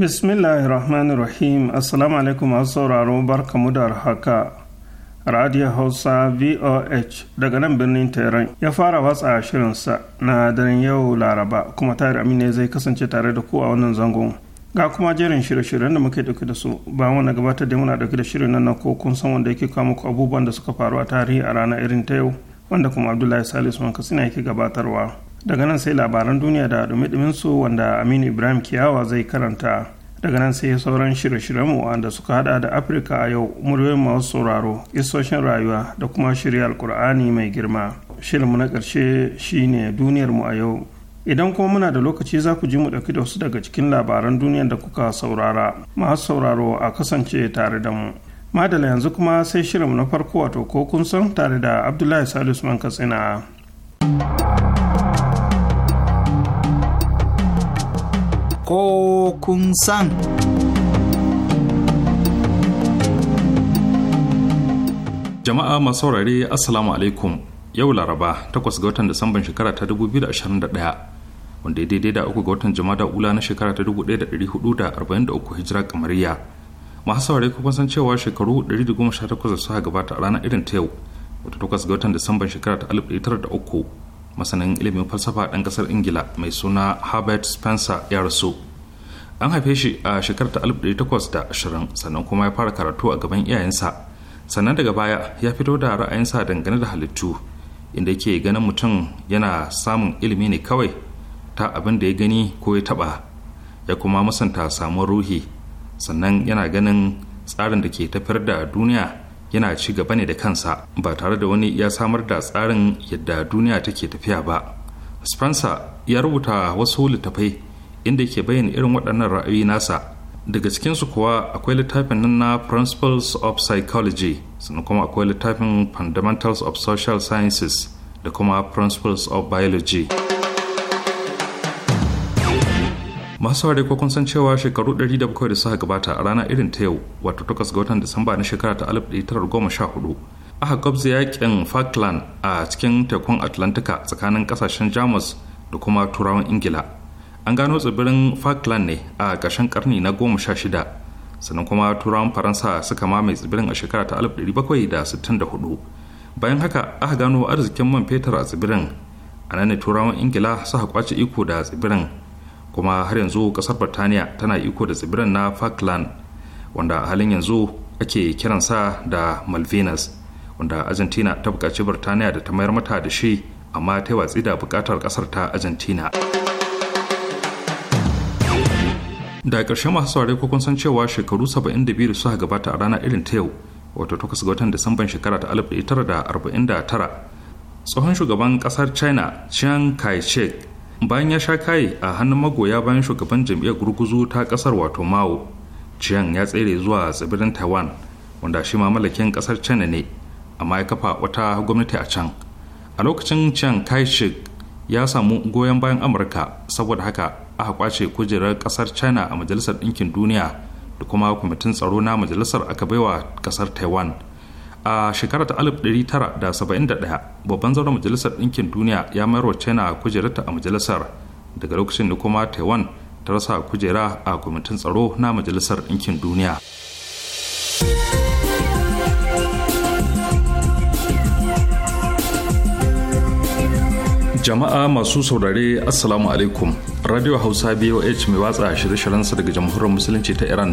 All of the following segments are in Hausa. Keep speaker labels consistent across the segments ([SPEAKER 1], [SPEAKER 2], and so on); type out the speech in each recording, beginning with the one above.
[SPEAKER 1] rahim Assalamu alaikum masu sauraro mu da haka. Radio Hausa VOH daga nan birnin Tehran ya fara watsa shirinsa na daren yau Laraba kuma tare amine zai kasance tare da ku a wannan zangon. Ga kuma jerin shirye-shiryen da muke dauke da su ba wani gabatar da muna dauke da shirin nan ko kun san wanda yake kawo muku abubuwan da suka faru a tarihi a ranar irin ta yau wanda kuma Abdullahi Salisu wanka suna yake gabatarwa. daga nan sai labaran duniya da dumi su wanda aminu ibrahim kiyawa zai karanta daga nan sai sauran shirye-shiryenmu wanda suka hada da afirka a yau muryoyin masu sauraro isoshin rayuwa da kuma shirya alkur'ani mai girma shirinmu na karshe shine mu a yau idan kuma muna da lokaci za ku ji mu ɗauki da wasu daga cikin labaran duniyar da kuka saurara masu sauraro a kasance tare da mu madala yanzu kuma sai shirinmu na farko wato ko kun san tare da abdullahi salisu man katsina
[SPEAKER 2] ko kun san.
[SPEAKER 3] Jama'a masu saurare Assalamu alaikum yau Laraba 8 ga watan Disamban shekara ta 2021. wanda ya daidai da uku ga watan jama'a ula na shekara ta 1443 hijira kamariya masu saurare kuma san cewa shekaru 118 da suka gabata a ranar irin ta yau wata takwas ga watan disamban shekara ta 1903 masanin ilimin falsafa ɗan ƙasar ingila mai suna herbert spencer ya rasu an haife shi a shekarar ta 1820 sannan kuma ya fara karatu a gaban iyayensa sannan daga baya ya fito da ra'ayinsa dangane da halittu inda yake ganin mutum yana samun ilimi ne kawai ta abin da ya gani ko ya taba ya kuma musanta samun ruhi sannan yana ganin tsarin da ke tafiyar da duniya yana ci gaba ne da kansa ba tare da wani ya samar da tsarin yadda duniya take tafiya ba spencer ya rubuta wasu littafai inda ke bayyana irin waɗannan ra'ayi nasa daga cikinsu kuwa akwai littafin nan na principles of psychology sannan kuma akwai littafin fundamentals of social sciences da kuma principles of biology. masu saurari ko kun san cewa shekaru 107 da suka gabata a rana irin ta yau wato 8 ga watan disamba na shekara ta 1914 aka gwabza yakin falkland a cikin tekun atlantika tsakanin kasashen jamus da kuma turawan ingila an gano tsibirin falkland ne a ƙarshen karni na 16 sannan kuma turawan faransa suka mamaye tsibirin a shekara ta 1764 bayan haka aka gano arzikin man fetur a tsibirin a nan ne turawan ingila suka kwace iko da tsibirin kuma har yanzu kasar birtaniya tana iko da tsibirin na falkland wanda a halin yanzu ake kiransa da malvinas wanda argentina ta buƙaci birtaniya da ta mayar mata da shi amma ta watsi da buƙatar kasar ta argentina da ƙarshe masu saurari ko kun san cewa shekaru 72 da suka gabata a rana irin ta yau wato takwas ga watan disamban shekara ta 1949 tsohon shugaban ƙasar china chiang kai-shek bayan ya sha kai a hannun magoya bayan shugaban jam'iyyar gurguzu ta kasar wato mao chiang ya tsere zuwa tsibirin taiwan wanda shi ma mallakin kasar china ne amma ya kafa wata gwamnati a can a lokacin chiang kai shi ya samu goyon bayan amurka saboda haka aka kwace kujerar kasar china a majalisar ɗinkin duniya da kuma kwamitin tsaro na majalisar aka baiwa kasar taiwan a shekarar ta 1971 babban zauren majalisar ɗinkin duniya ya mayar wa china kujerarta a majalisar daga lokacin da kuma taiwan ta rasa kujera a kwamitin tsaro na majalisar ɗinkin duniya jama'a masu saurare assalamu alaikum radio hausa boh mai watsa shirye-shiryensa daga jamhuriyar musulunci ta iran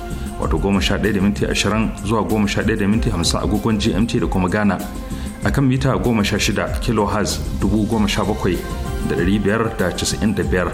[SPEAKER 3] wato goma sha ɗaya da minti ashirin zuwa goma sha ɗaya da minti hamsin agogon GMT da kuma Ghana. akan mita goma sha shida kilohertz dubu goma sha bakwai da ɗari biyar da casa'in da biyar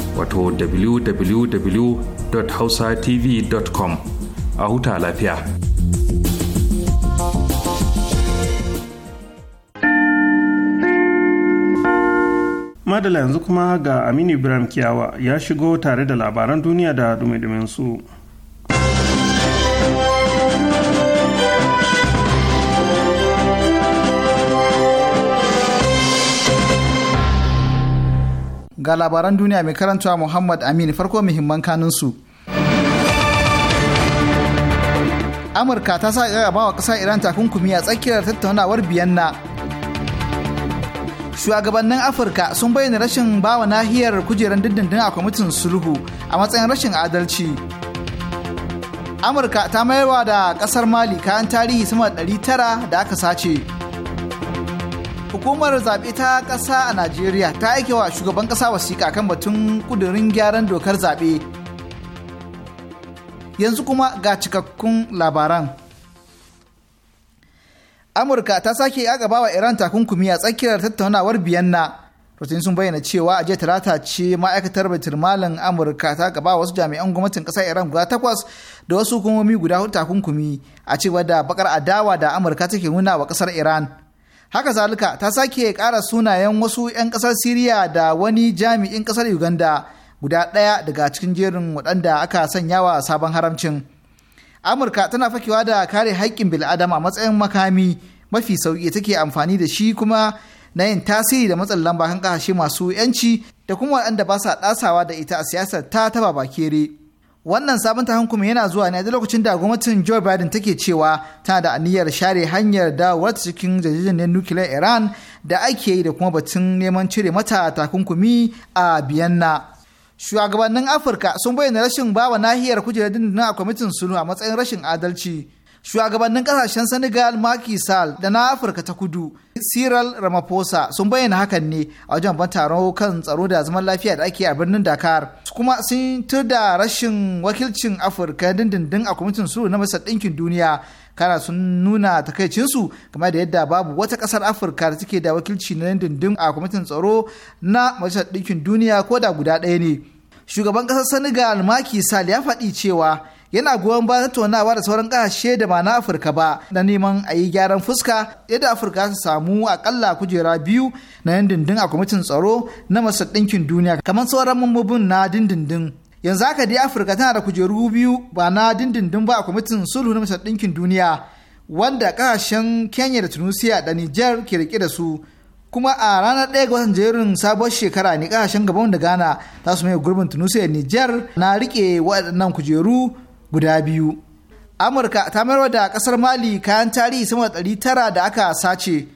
[SPEAKER 3] wato www.hausatv.com a huta lafiya.
[SPEAKER 1] Madala yanzu kuma ga Aminu Ibrahim Kiyawa ya shigo tare da labaran duniya da dumi su.
[SPEAKER 2] ga labaran duniya mai karantawa Muhammad Amin farko muhimman su. Amurka ta sa gaba wa ƙasar Iran takunkumi a tsakiyar tattaunawar Biyanna. Shugabannin Afirka sun bayyana rashin bawa nahiyar kujerar dindindin a kwamitin sulhu a matsayin rashin adalci. Amurka ta mayarwa da ƙasar Mali kayan tarihi sama da 900 da aka sace. hukumar zaɓe ta ƙasa a najeriya ta aike wa shugaban ƙasa wasiƙa kan batun ƙudurin gyaran dokar zaɓe yanzu kuma ga cikakkun labaran amurka ta sake ya gaba wa iran takunkumi a tsakiyar tattaunawar biyanna rotin sun bayyana cewa a jiya talata ce ma'aikatar baitul malin amurka ta gaba wasu jami'an gwamnatin ƙasar iran guda takwas da wasu hukumomi guda takunkumi a cewa da bakar adawa da amurka take nuna wa ƙasar iran haka zalika ta sake kara sunayen wasu 'yan kasar siriya da wani jami'in kasar uganda guda ɗaya daga cikin jerin waɗanda aka sanyawa sabon haramcin amurka tana fakewa da kare haƙƙin bil'adama a matsayin makami mafi sauƙi take amfani da shi kuma na yin tasiri da matsin lamba kan ƙasashe masu 'yanci da kuma waɗanda ba sa ɗasawa da ita a siyasar ta taba bakere. wannan sabon takunkumi yana zuwa ne a lokacin da gwamnatin joe biden take cewa tana da aniyar share hanyar dawowar cikin jajjajen nukiliyar iran da ake yi da kuma batun neman cire mata takunkumi a biyanna shugabannin afirka sun bayyana rashin bawa nahiyar kujerar dindindin a kwamitin sulhu a matsayin rashin adalci shugabannin kasashen senegal Macky Sall da na afirka ta kudu cyril ramaphosa sun bayyana hakan ne a wajen ban taron kan tsaro da zaman lafiya da ake a birnin dakar kuma sun tur da rashin wakilcin afirka dindindin a kwamitin Su na masar ɗinkin duniya kana sun nuna takaicinsu game da yadda babu wata kasar afirka da take da wakilci na dindindin a kwamitin tsaro na masar ɗinkin duniya ko da guda ɗaya ne shugaban ƙasar senegal Macky Sall ya faɗi cewa yana goyon bayan tattaunawa da sauran ƙasashe da ba na afirka ba na neman a yi gyaran fuska yadda afirka su samu akalla kujera biyu na yan dindin a kwamitin tsaro na masar ɗinkin duniya kamar sauran mambobin na dindindin yanzu haka dai afirka tana da kujeru biyu ba na dindindin ba a kwamitin sulhu na masar ɗinkin duniya wanda kasashen kenya da tunisia da niger ke rike da su kuma a ranar ɗaya ga watan jerin sabuwar shekara ne kasashen gaban da ghana za su mai gurbin tunisia da niger na rike waɗannan kujeru guda biyu amurka ta mayar da kasar mali kayan tarihi sama da ɗari tara da aka sace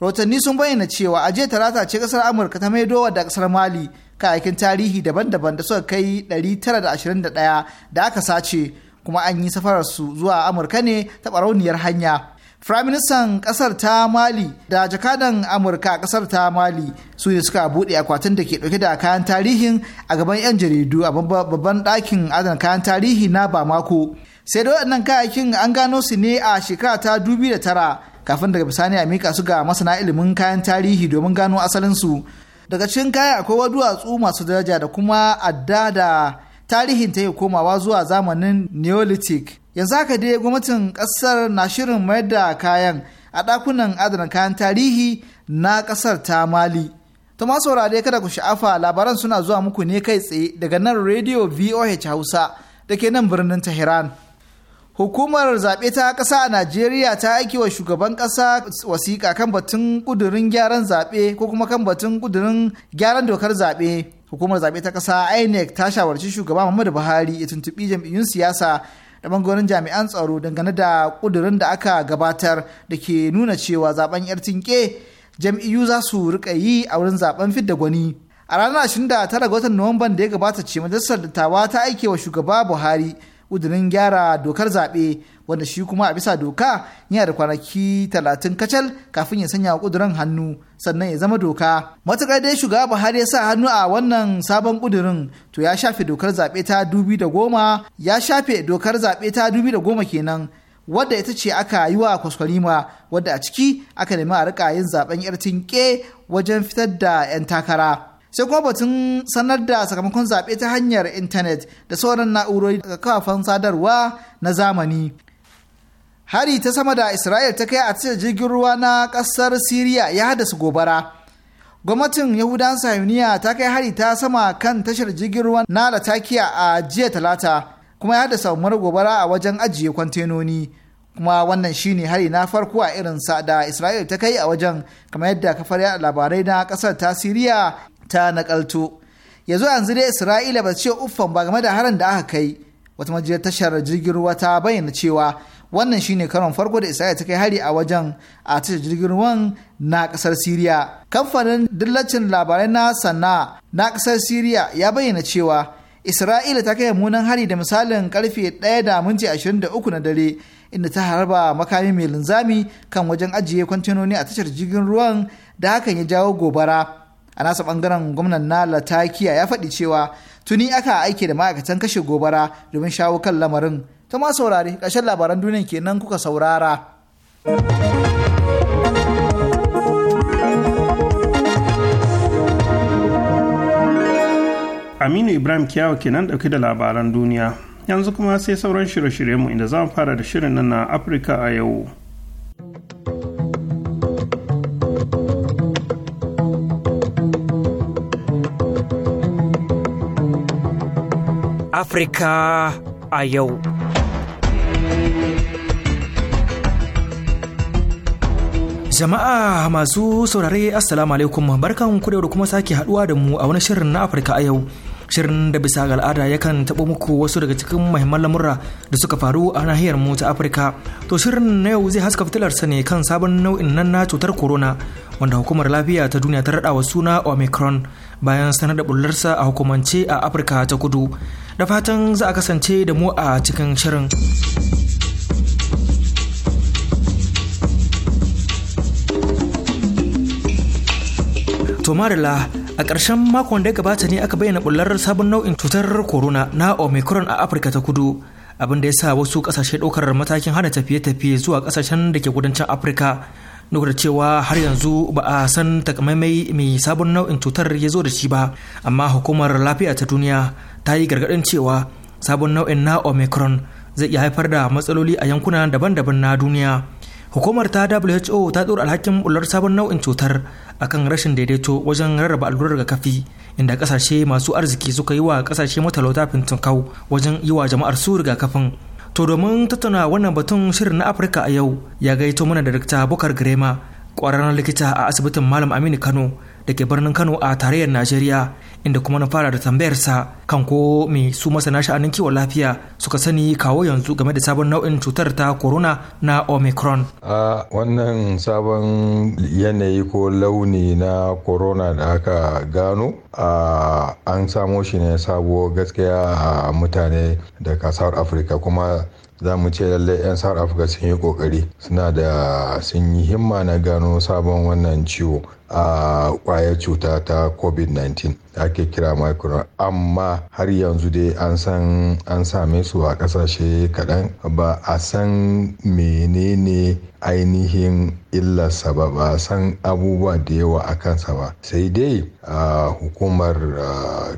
[SPEAKER 2] rotanni sun bayyana cewa a jiya talata ce kasar amurka ta maido da kasar mali kayakin tarihi daban-daban da suka kai ɗari tara da da da ɗaya aka sace kuma an yi safararsu zuwa amurka ne ta barauniyar hanya Firaministan ƙasar ta Mali da jakadan Amurka a ƙasar ta Mali su ne suka buɗe akwatin da ke ɗauke da kayan tarihin a gaban 'yan jaridu a babban ɗakin adana kayan tarihi na Bamako. Sai da waɗannan kayayyakin an gano su ne a shekara ta tara. kafin daga bisani a mika su ga masana ilimin kayan tarihi domin gano asalinsu daga cikin kaya akwai duwatsu masu daraja da kuma adda da tarihin ta yi komawa zuwa zamanin neolithic yanzu haka dai gwamnatin kasar na shirin mayar da kayan a dakunan adana kayan tarihi na kasar ta mali ta ma saurare kada ku sha'afa labaran suna zuwa muku ne kai tsaye daga nan radio voh hausa da ke nan birnin tehran hukumar zaɓe ta ƙasa a najeriya ta aiki wa shugaban ƙasa wasiƙa kan batun ƙudurin gyaran zaɓe ko kuma kan batun ƙudurin gyaran dokar zaɓe hukumar zaɓe ta ƙasa inec ta shawarci shugaba muhammadu buhari ya tuntuɓi jam'iyyun siyasa da bangaren jami'an tsaro dangane da kudurin da aka gabatar da ke nuna cewa zaben yar tinke jam'iyyu za su rika yi a wurin zaben fidda gwani a ranar 29 ga watan nuwamban da ya gabata ce majalisar dattawa ta aike wa shugaba buhari kudurin gyara dokar zaɓe wanda shi kuma a bisa doka yana da kwanaki talatin kacal kafin ya sanya wa ƙudurin hannu sannan ya zama doka matuƙar dai shugaba buhari ya sa hannu a wannan sabon ƙudurin to ya shafe dokar zaɓe ta dubi da goma ya shafe dokar zaɓe ta dubi da goma kenan wadda ita ce aka yi wa kwaskwarima wadda a ciki aka nemi a rika yin zaben 'yartin ke wajen fitar da 'yan takara sai kuma batun sanar da sakamakon zaɓe ta hanyar intanet da sauran na'urori daga kafafen sadarwa na zamani hari ta sama da isra'il ta kai a cikin jirgin ruwa na ƙasar siriya ya haddasa gobara gwamnatin yahudan sahiyuniya ta kai hari ta sama kan tashar jirgin ruwa na latakiya a jiya talata kuma ya haddasa umar gobara a wajen ajiye kwantenoni kuma wannan shine hari na farko a irin sa, da isra'il ta kai a wajen kamar yadda kafar yada labarai na ƙasar ta siriya ta nakalto yanzu yanzu dai isra'ila ba ce uffan ba game da harin da aka kai wata majiyar tashar jirgin ruwa ta bayyana cewa wannan shine karon farko da isra'ila ta kai hari a wajen a tashar jirgin ruwan na kasar siriya kamfanin dillacin labarai na sana na kasar siriya ya bayyana cewa isra'ila ta kai munan hari da misalin karfe ɗaya da minti ashirin da uku na dare inda ta harba makami mai linzami kan wajen ajiye kwantenoni a tashar jirgin ruwan da hakan ya jawo gobara a nasa bangaren gwamnan na latakiya ya faɗi cewa tuni aka aike da ma'aikatan kashe gobara domin shawo kan lamarin ta ma saurari, ƙarshen labaran duniya kenan kuka saurara.
[SPEAKER 1] Aminu Ibrahim Kiyawa kenan ɗauke da labaran duniya. Yanzu kuma sai sauran shirye-shiryenmu inda za mu fara da shirin nan na Afirka a yau.
[SPEAKER 4] Afirka a yau. Jama'a masu saurare Assalamu alaikum barkan ku da kuma sake haduwa da mu a wani shirin na Afirka a yau. Shirin da bisa ga al'ada yakan taɓa muku wasu daga cikin muhimman lamura da suka faru a nahiyar mu ta Afirka. To shirin na yau zai haska fitilarsa ne kan sabon nau'in nan na cutar corona wanda hukumar lafiya ta duniya ta raɗa wa suna Omicron bayan sanar da bullarsa a hukumance a Afirka ta kudu. Da fatan za a kasance da mu a cikin shirin. To Marila, a ƙarshen makon da ya gabata ne aka bayyana bullar sabon nau'in cutar corona na Omicron a Afirka ta kudu. Abin da ya sa wasu ƙasashe ɗaukar matakin hana tafiye-tafiye zuwa ƙasashen da ke kudancin Afirka. Duk da cewa har yanzu ba a san takamaimai mai sabon nau'in cutar ya zo da shi ba, amma hukumar lafiya ta duniya ta yi gargaɗin cewa sabon nau'in na Omicron zai iya haifar da matsaloli a yankuna daban-daban na duniya. hukumar ta who ta tsoro alhakin bular sabon nau'in cutar akan rashin daidaito wajen rarraba allurar kafi inda kasashe masu arziki suka yi wa kasashe matalauta fintinkau wajen yi wa jama'ar su rigakafin to domin tattauna wannan batun shirin na afirka a yau ya gaito mana da rikta bukar girema kwararren likita a asibitin malam aminu kano da ke birnin kano a tarayyar najeriya inda kuma na fara da tambayarsa kan ko mai su masana sha'anin kiwon lafiya suka sani kawo yanzu game da sabon nau'in cutar ta corona na omicron.
[SPEAKER 5] a wannan sabon yanayi ko launi na corona da aka gano a an samo shi ne sabuwar gaskiya a mutane da kasar afirka kuma za mu ce lallai 'yan south africa sun yi kokari suna da sun yi himma na gano sabon wannan ciwo a kwayar cuta ta covid-19 da ake kira micron amma har yanzu dai an san an same su a kasashe kaɗan ba a san menene ainihin illarsa ba ba san abubuwa da yawa a kansa ba sai dai hukumar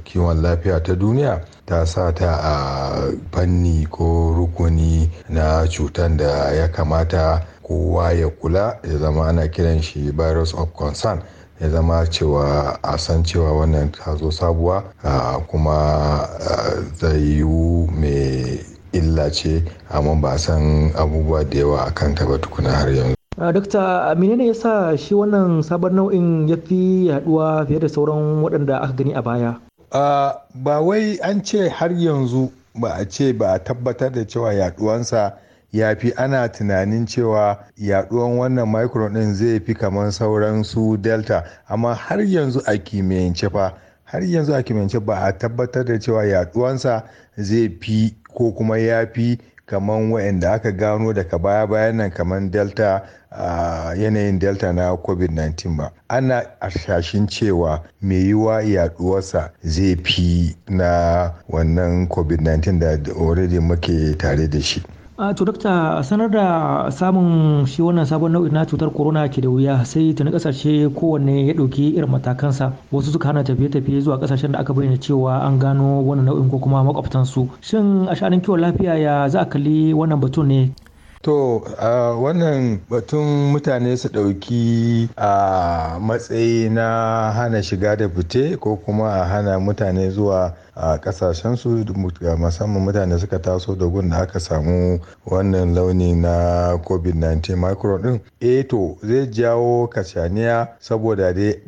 [SPEAKER 5] kiwon lafiya ta duniya ta sa ta a fanni ko rukuni na cutar da ya kamata kowa ya kula ya zama ana kiran shi virus of concern ya zama cewa a san cewa wannan ta zo sabuwa kuma zai yiwu mai illa ce amma ba san abubuwa da yawa a kanta ba tukuna har yanzu
[SPEAKER 4] Uh, dokta menene ya sa shi wannan sabon nau'in ya fi yaduwa fiye da sauran waɗanda aka gani a baya
[SPEAKER 5] uh, ba wai an ce har yanzu ba a ce ba a tabbatar da cewa yaduwansa ya fi ana tunanin cewa yaduwan wannan micro din zai fi kamar sauran su delta amma har yanzu a kimiyyance fa har yanzu a kimiyyance ba a tabbatar da cewa yaduwansa zai fi ko kuma ya fi kaman waɗanda aka gano daga baya-bayan nan kaman delta a yanayin delta na covid-19 ba ana ashashin cewa mai yiwa yaduwarsa zai fi na wannan covid-19 da already muke tare da shi
[SPEAKER 4] Ah, to dokta sanar da samun shi wannan sabon nau'i na cutar corona ke da wuya sai tuni kasashe kowanne ya ɗauki irin matakansa wasu suka hana tafiye-tafiye zuwa kasashen da aka bayyana cewa an gano wannan nau'in ko kuma makwabtansu shin a sha'anin kiwon lafiya ya za a kalli wannan batun ne
[SPEAKER 5] To uh, wannan batun mutane su ɗauki a matsayi na hana shiga da fite ko kuma a hana mutane zuwa a su kasashensu musamman mutane suka taso da gun da aka samu wannan launi na covid-19 micro din e eh to zai jawo kashaniya saboda dai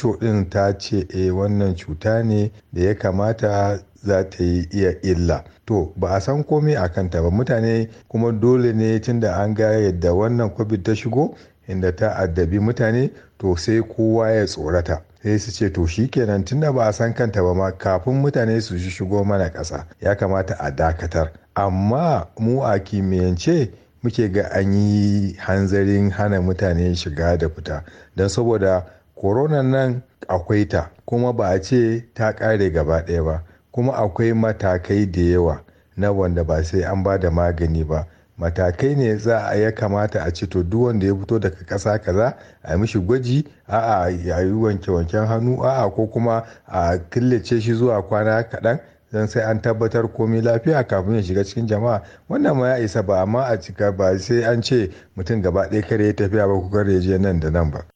[SPEAKER 5] who din ta ce e wannan cuta ne da ya kamata za ta yi iya illa to ba a san komai a kanta ba mutane kuma dole ne tunda an ga yadda wannan covid ta shigo inda ta addabi mutane to sai kowa ya tsorata sai su ce to shi kenan tunda ba a san kanta ba ma kafin mutane su shigo mana ƙasa ya kamata a dakatar amma mu a kimiyyance muke ga an yi hanzarin hana mutane shiga da fita don saboda koronan nan akwai ta kuma ba a ce ta ƙare gaba ɗaya ba kuma akwai matakai da yawa na wanda ba sai an ba da magani ba matakai ne za a ya kamata a ci to duk wanda ya fito daga ƙasa kaza a mishi gwaji a a yi wanke wanken hannu a a ko kuma a killace shi zuwa kwana kaɗan don sai an tabbatar komai lafiya kafin ya shiga cikin jama'a wannan ma ya isa ba amma a cika ba sai an ce mutum gaba ɗaya kare ya tafiya ba ko kare ya je nan da nan ba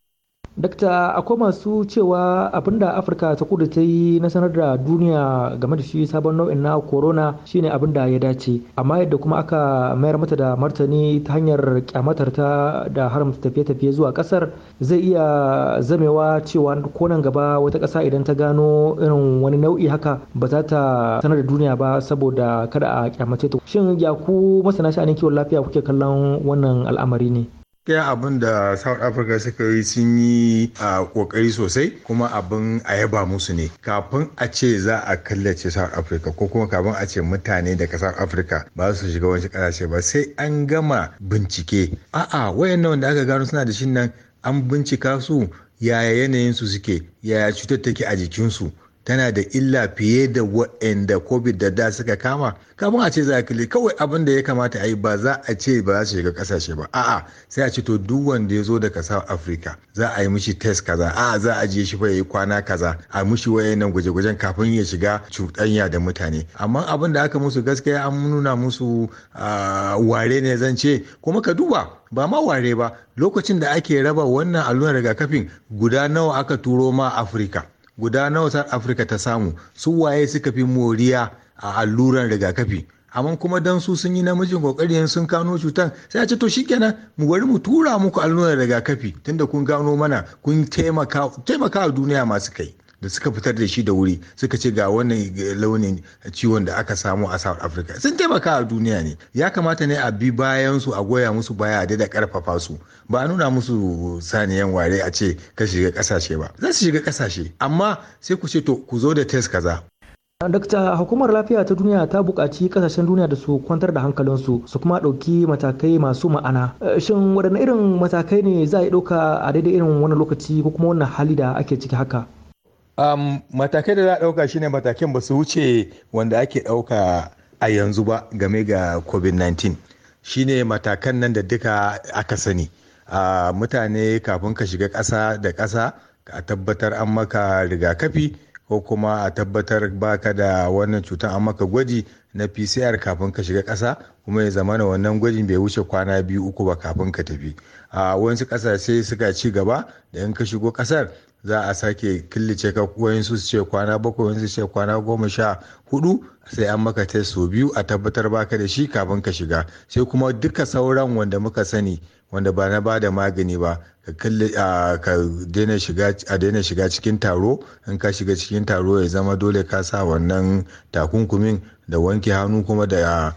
[SPEAKER 4] dakta akwai masu cewa abin da afirka ta kudu ta yi na sanar da duniya game da shi sabon nau'in na corona shine abin da ya dace amma yadda kuma aka mayar mata da martani ta hanyar kyamatar ta da haramta tafiye-tafiye zuwa kasar zai iya zamewa cewa ko nan gaba wata kasa idan ta gano irin wani nau'i haka ba za ta sanar da duniya ba saboda kada a kyamace ta shin ya ku masana sha'anin kiwon lafiya kuke kallon wannan al'amari ne
[SPEAKER 5] gaskiya abin da south africa suka yi sun yi a kokari sosai kuma abin a yaba musu ne kafin a ce za a kallace south africa ko kuma kafin a ce mutane daga south africa ba su shiga wani kasashe ba sai an gama bincike a'a wayan wayannan da aka gano suna da shin nan an bincika su yaya yanayin su suke yaya cutar take a jikinsu tana da illa fiye da waɗanda covid da da suka kama kafin a ce za a kili kawai abin da ya kamata a yi ba za a ce ba za su shiga kasashe ba a'a sai a ce to duk wanda ya zo daga south africa za a yi mishi test kaza a'a za a je shi fa yi kwana kaza a mishi wayannan gwaje-gwajen kafin ya shiga cuɗanya da mutane amma abin da aka musu gaskiya an nuna musu ware ne zan ce kuma ka duba ba ma ware ba lokacin da ake raba wannan allurar rigakafin guda nawa aka turo ma afirka guda nawa south africa ta samu su waye suka fi moriya a alluran rigakafi amma kuma dan su sun yi namijin kokari sun kano cutar sai a ce to shikenan mu bari mu tura muku alluran rigakafi tunda kun gano mana kun taimaka taimaka duniya masu kai da suka fitar da shi da wuri suka ce ga wannan launin ciwon da aka samu a south africa sun taimaka a duniya ne ya kamata ne a bi bayan su a goya musu baya da karfafa su ba a nuna musu saniyan ware a ce ka shiga kasashe ba za su shiga kasashe amma sai ku ce to ku zo da test kaza
[SPEAKER 4] Dakta hukumar lafiya ta duniya ta buƙaci ƙasashen duniya da su kwantar da hankalinsu su kuma ɗauki matakai masu ma'ana. Eh, shin waɗanne irin matakai ne za a yi ɗauka a daidai irin wannan lokaci ko kuma wannan hali da ake ciki haka?
[SPEAKER 5] Um, matakai da za a ɗauka shine matakin ba su wuce wanda ake ɗauka a yanzu ba game ga covid-19 shine matakan nan da duka aka sani uh, mutane kafin ka shiga ƙasa da ƙasa a tabbatar an maka rigakafi ko kuma a tabbatar baka da wannan cutar an maka gwaji na pcr kafin ka shiga ƙasa kuma ya zama na wannan gwajin bai wuce kwana biyu uku ba kafin ka tafi a wasu ƙasashe suka ci gaba da in ka shigo ƙasar za a sake killace ka wayansu su ce kwana bakwai wayansu su ce kwana goma sha hudu sai an maka test sau biyu a tabbatar baka da shi kafin ka shiga sai kuma duka sauran wanda muka sani wanda ba na bada magani ba ka daina shiga a daina shiga cikin taro in ka shiga cikin taro ya zama dole ka sa wannan takunkumin da wanke hannu kuma da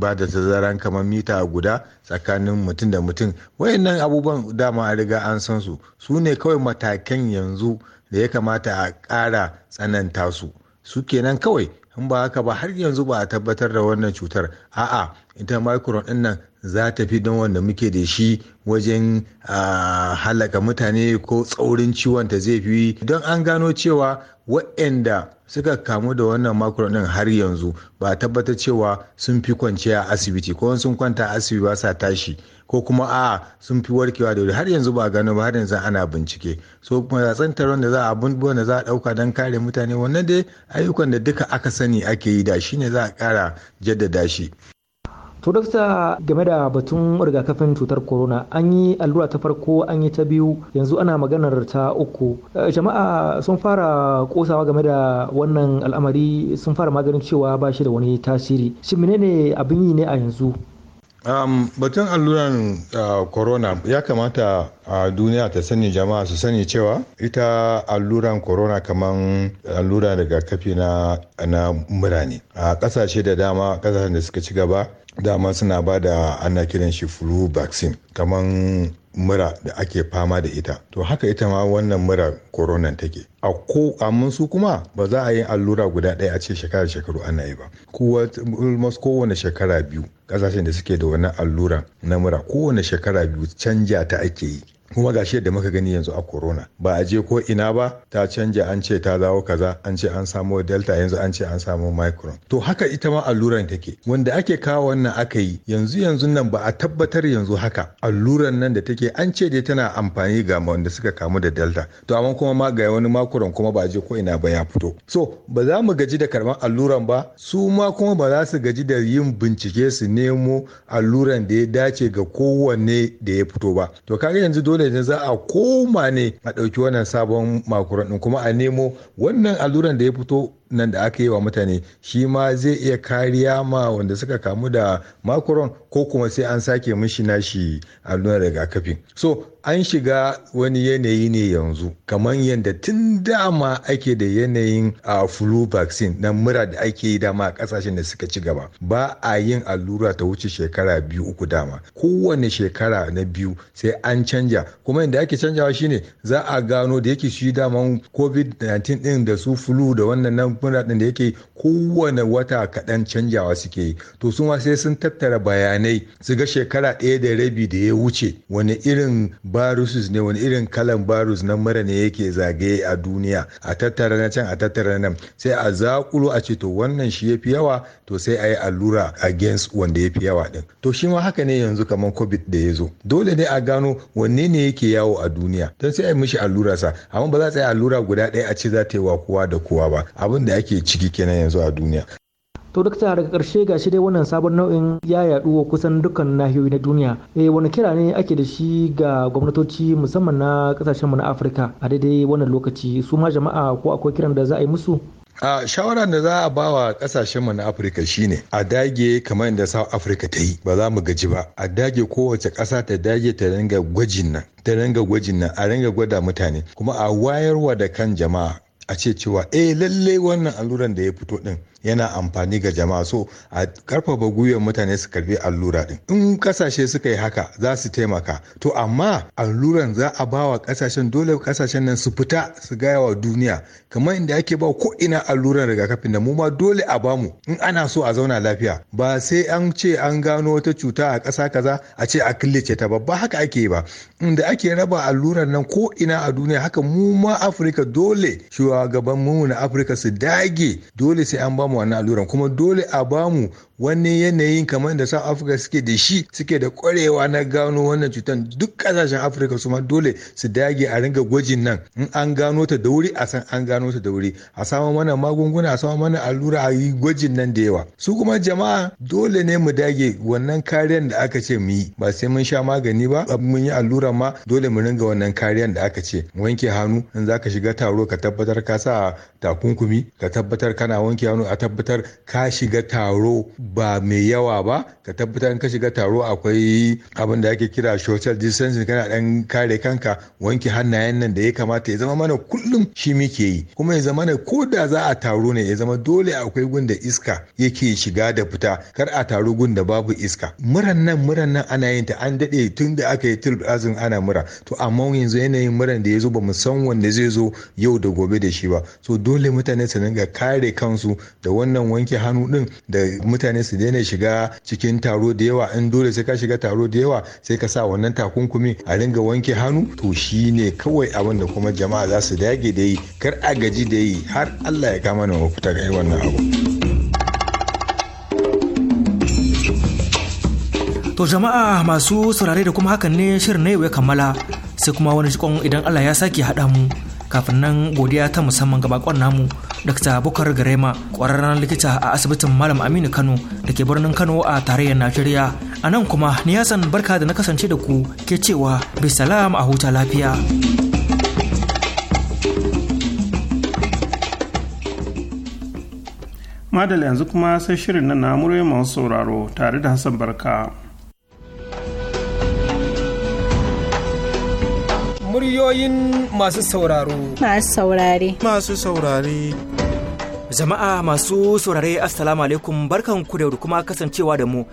[SPEAKER 5] ba da tazaran kamar mita guda tsakanin mutum da mutum wayannan abubuwan dama a riga an san su su ne kawai matakan yanzu da ya kamata a kara tsananta su su kenan kawai in ba haka ba har yanzu ba a tabbatar da wannan cutar a'a ita micron din nan za ta fi don wanda muke da shi wajen halaka mutane ko tsaurin ciwon ta zai fi don an gano cewa waɗanda suka kamu da wannan makro ɗin har yanzu ba tabbatar cewa sun fi kwanciya a asibiti ko sun kwanta a asibiti ba sa tashi ko kuma a sun fi warkewa da wuri har yanzu ba gano ba har yanzu ana bincike so matsatsan da za a abubuwan da za a ɗauka don kare mutane wannan dai ayyukan da duka aka sani ake yi da shi ne za a ƙara jaddada shi to dakta game da
[SPEAKER 4] batun rigakafin cutar corona an yi allura ta farko an yi ta biyu yanzu ana maganar ta uku eh, jama'a sun fara kosawa game da wannan al'amari sun fara maganin cewa ba shi da wani tasiri shin menene abin yi ne a yanzu
[SPEAKER 5] Um, batun alluran uh, corona ya kamata a uh, duniya ta sani jama'a su sani cewa ita alluran corona kamar alluran rigakafi na, na mura a uh, kasashe da dama kasashen da suka ci gaba dama suna ba da ana kiran shi flu vaccine kaman mura da ake fama da ita to haka ita ma wannan mura koronan take a ko amma su kuma ba za a yi allura guda ɗaya a ce shekara shekaru ana yi ba almost kowane shekara biyu ƙasashen da suke da wannan allura na mura kowane shekara biyu canja ta ake yi kuma gashi da muka gani yanzu a corona ba a je ko ina ba ta canja an ce ta dawo kaza an ce an samu delta yanzu an ce an samu micron to haka ita ma alluran take wanda ake kawo wannan aka yi yanzu yanzu nan ba a tabbatar yanzu haka alluran nan da take an ce dai tana amfani ga wanda suka kamu da delta to amma kuma ma ga wani makuran kuma ba a je ko ina ba ya fito so ba za mu gaji da karban alluran ba su ma kuma ba za su gaji da yin bincike su nemo alluran da ya dace ga kowanne da ya fito ba to kaga yanzu dole dole ne za a koma ne a ɗauki wannan sabon ɗin kuma a nemo wannan alluran da ya fito nan da aka yi wa mutane shi ma zai iya kariya ma wanda suka kamu da makuron ko kuma sai an sake mishi nashi allurar rigakafi so an shiga wani yanayi ne yanzu kamar yadda tun dama ake da yanayin a flu vaccine na mura da ake yi dama a kasashen da suka ci gaba ba a yin allura ta wuce shekara biyu uku dama kowane shekara na biyu sai an canja kuma yadda ake canjawa shine za a gano da yake shi daman covid-19 din da su flu da wannan kamfuna ɗin da yake kowane wata kaɗan canjawa suke yi to suma sai sun tattara bayanai su ga shekara ɗaya da rabi da ya wuce wani irin barus ne wani irin kalan barus na mara ne yake zagaye a duniya a tattara na can a tattara nan sai a zakulo a ce to wannan shi ya fi yawa to sai a yi allura against wanda ya fi yawa ɗin to shi ma haka ne yanzu kamar covid da ya zo dole ne a gano wanne ne yake yawo a duniya don sai a yi mishi allura sa amma ba za a yi allura guda ɗaya a ce za ta yi wa kowa da kowa ba abin da ake ciki kenan yanzu a duniya
[SPEAKER 4] to dokta daga karshe ga shi dai wannan sabon nau'in ya yaɗu kusan dukkan nahiyoyi na duniya eh wani kira ne ake da shi ga gwamnatoci musamman na kasashen mu na afirka a daidai wannan lokaci su ma jama'a ko akwai kiran da za a yi musu
[SPEAKER 5] a shawara da za a bawa kasashen mu na afirka shine a dage kamar da south africa ta yi ba za mu gaji ba a dage kowace ƙasa ta dage ta ringa gwajin nan ta ringa gwajin nan a ringa gwada mutane kuma a wayarwa da kan jama'a a ce cewa eh lallai wannan alluran da ya fito ɗin. yana amfani ga jama'a so a karfafa gwiwar mutane su karbi allura din in kasashe suka yi haka za su taimaka to amma alluran za a ba wa kasashen dole kasashen nan su fita su gaya wa duniya kamar inda ake ba ko ina alluran rigakafin da mu ma dole a bamu in ana so a zauna lafiya ba sai an ce an gano wata cuta a ƙasa kaza a ce a killace ta ba haka ake yi ba inda ake raba alluran nan ko ina a duniya haka mu ma afirka dole shugaban mu na afirka su dage dole sai an ba bamu wannan alluran kuma dole a bamu wani yanayin kamar da sa afirka suke da shi suke da kwarewa na gano wannan cutar duk kasashen afirka su ma dole su dage a ringa gwajin nan in an gano ta da wuri a san an gano ta da wuri a samu mana magunguna a samu mana allura a yi gwajin nan da yawa su kuma jama'a dole ne mu dage wannan kariyar da aka ce mu yi ba sai mun sha magani ba mun yi allura ma dole mu ringa wannan kariyar da aka ce wanke hannu in za ka shiga taro ka tabbatar ka sa takunkumi ka tabbatar kana wanke hannu a tabbatar ka shiga taro ba mai yawa ba ka tabbatar ka shiga taro akwai abin da ake kira social distancing kana dan kare kanka wanke hannayen nan da ya kamata ya zama mana kullum shi muke yi kuma ya zama na ko da za a taro ne ya zama dole akwai gun da iska yake shiga da fita kar a taro gun da babu iska muran nan muran nan ana yin ta an dade tun da aka yi tilb azin ana mura to amma yanzu yanayin muran da ya zo ba mu san wanda zai zo yau da gobe da shi ba so dole mutane su dinga kare kansu da wannan wanke hannu din da mutane mutane su daina shiga cikin taro da yawa in dole sai ka shiga taro da yawa sai ka sa wannan takunkumi a ringa wanke hannu to shi ne kawai abin da kuma jama'a za su dage da yi kar a gaji da yi har allah ya kama na wakuta ga wannan abu. To jama'a masu saurare
[SPEAKER 4] da kuma hakan ne shirin na ya kammala sai kuma wani shikon idan Allah ya sake haɗa mu kafin nan godiya ta musamman ga bakon namu dr bukar garema kwararren likita a asibitin malam aminu kano da ke birnin kano a tarayyar najeriya a nan kuma ni san barka da na kasance da ku ke cewa bisalam a huta lafiya
[SPEAKER 1] madal yanzu kuma sai shirin na namurai masu sauraro tare da hassan barka muryoyin masu sauraro.
[SPEAKER 6] Masu
[SPEAKER 7] saurare.
[SPEAKER 4] Masu saurare. Jama'a masu saurare Assalamu alaikum barkan ku da kuma kasancewa da mu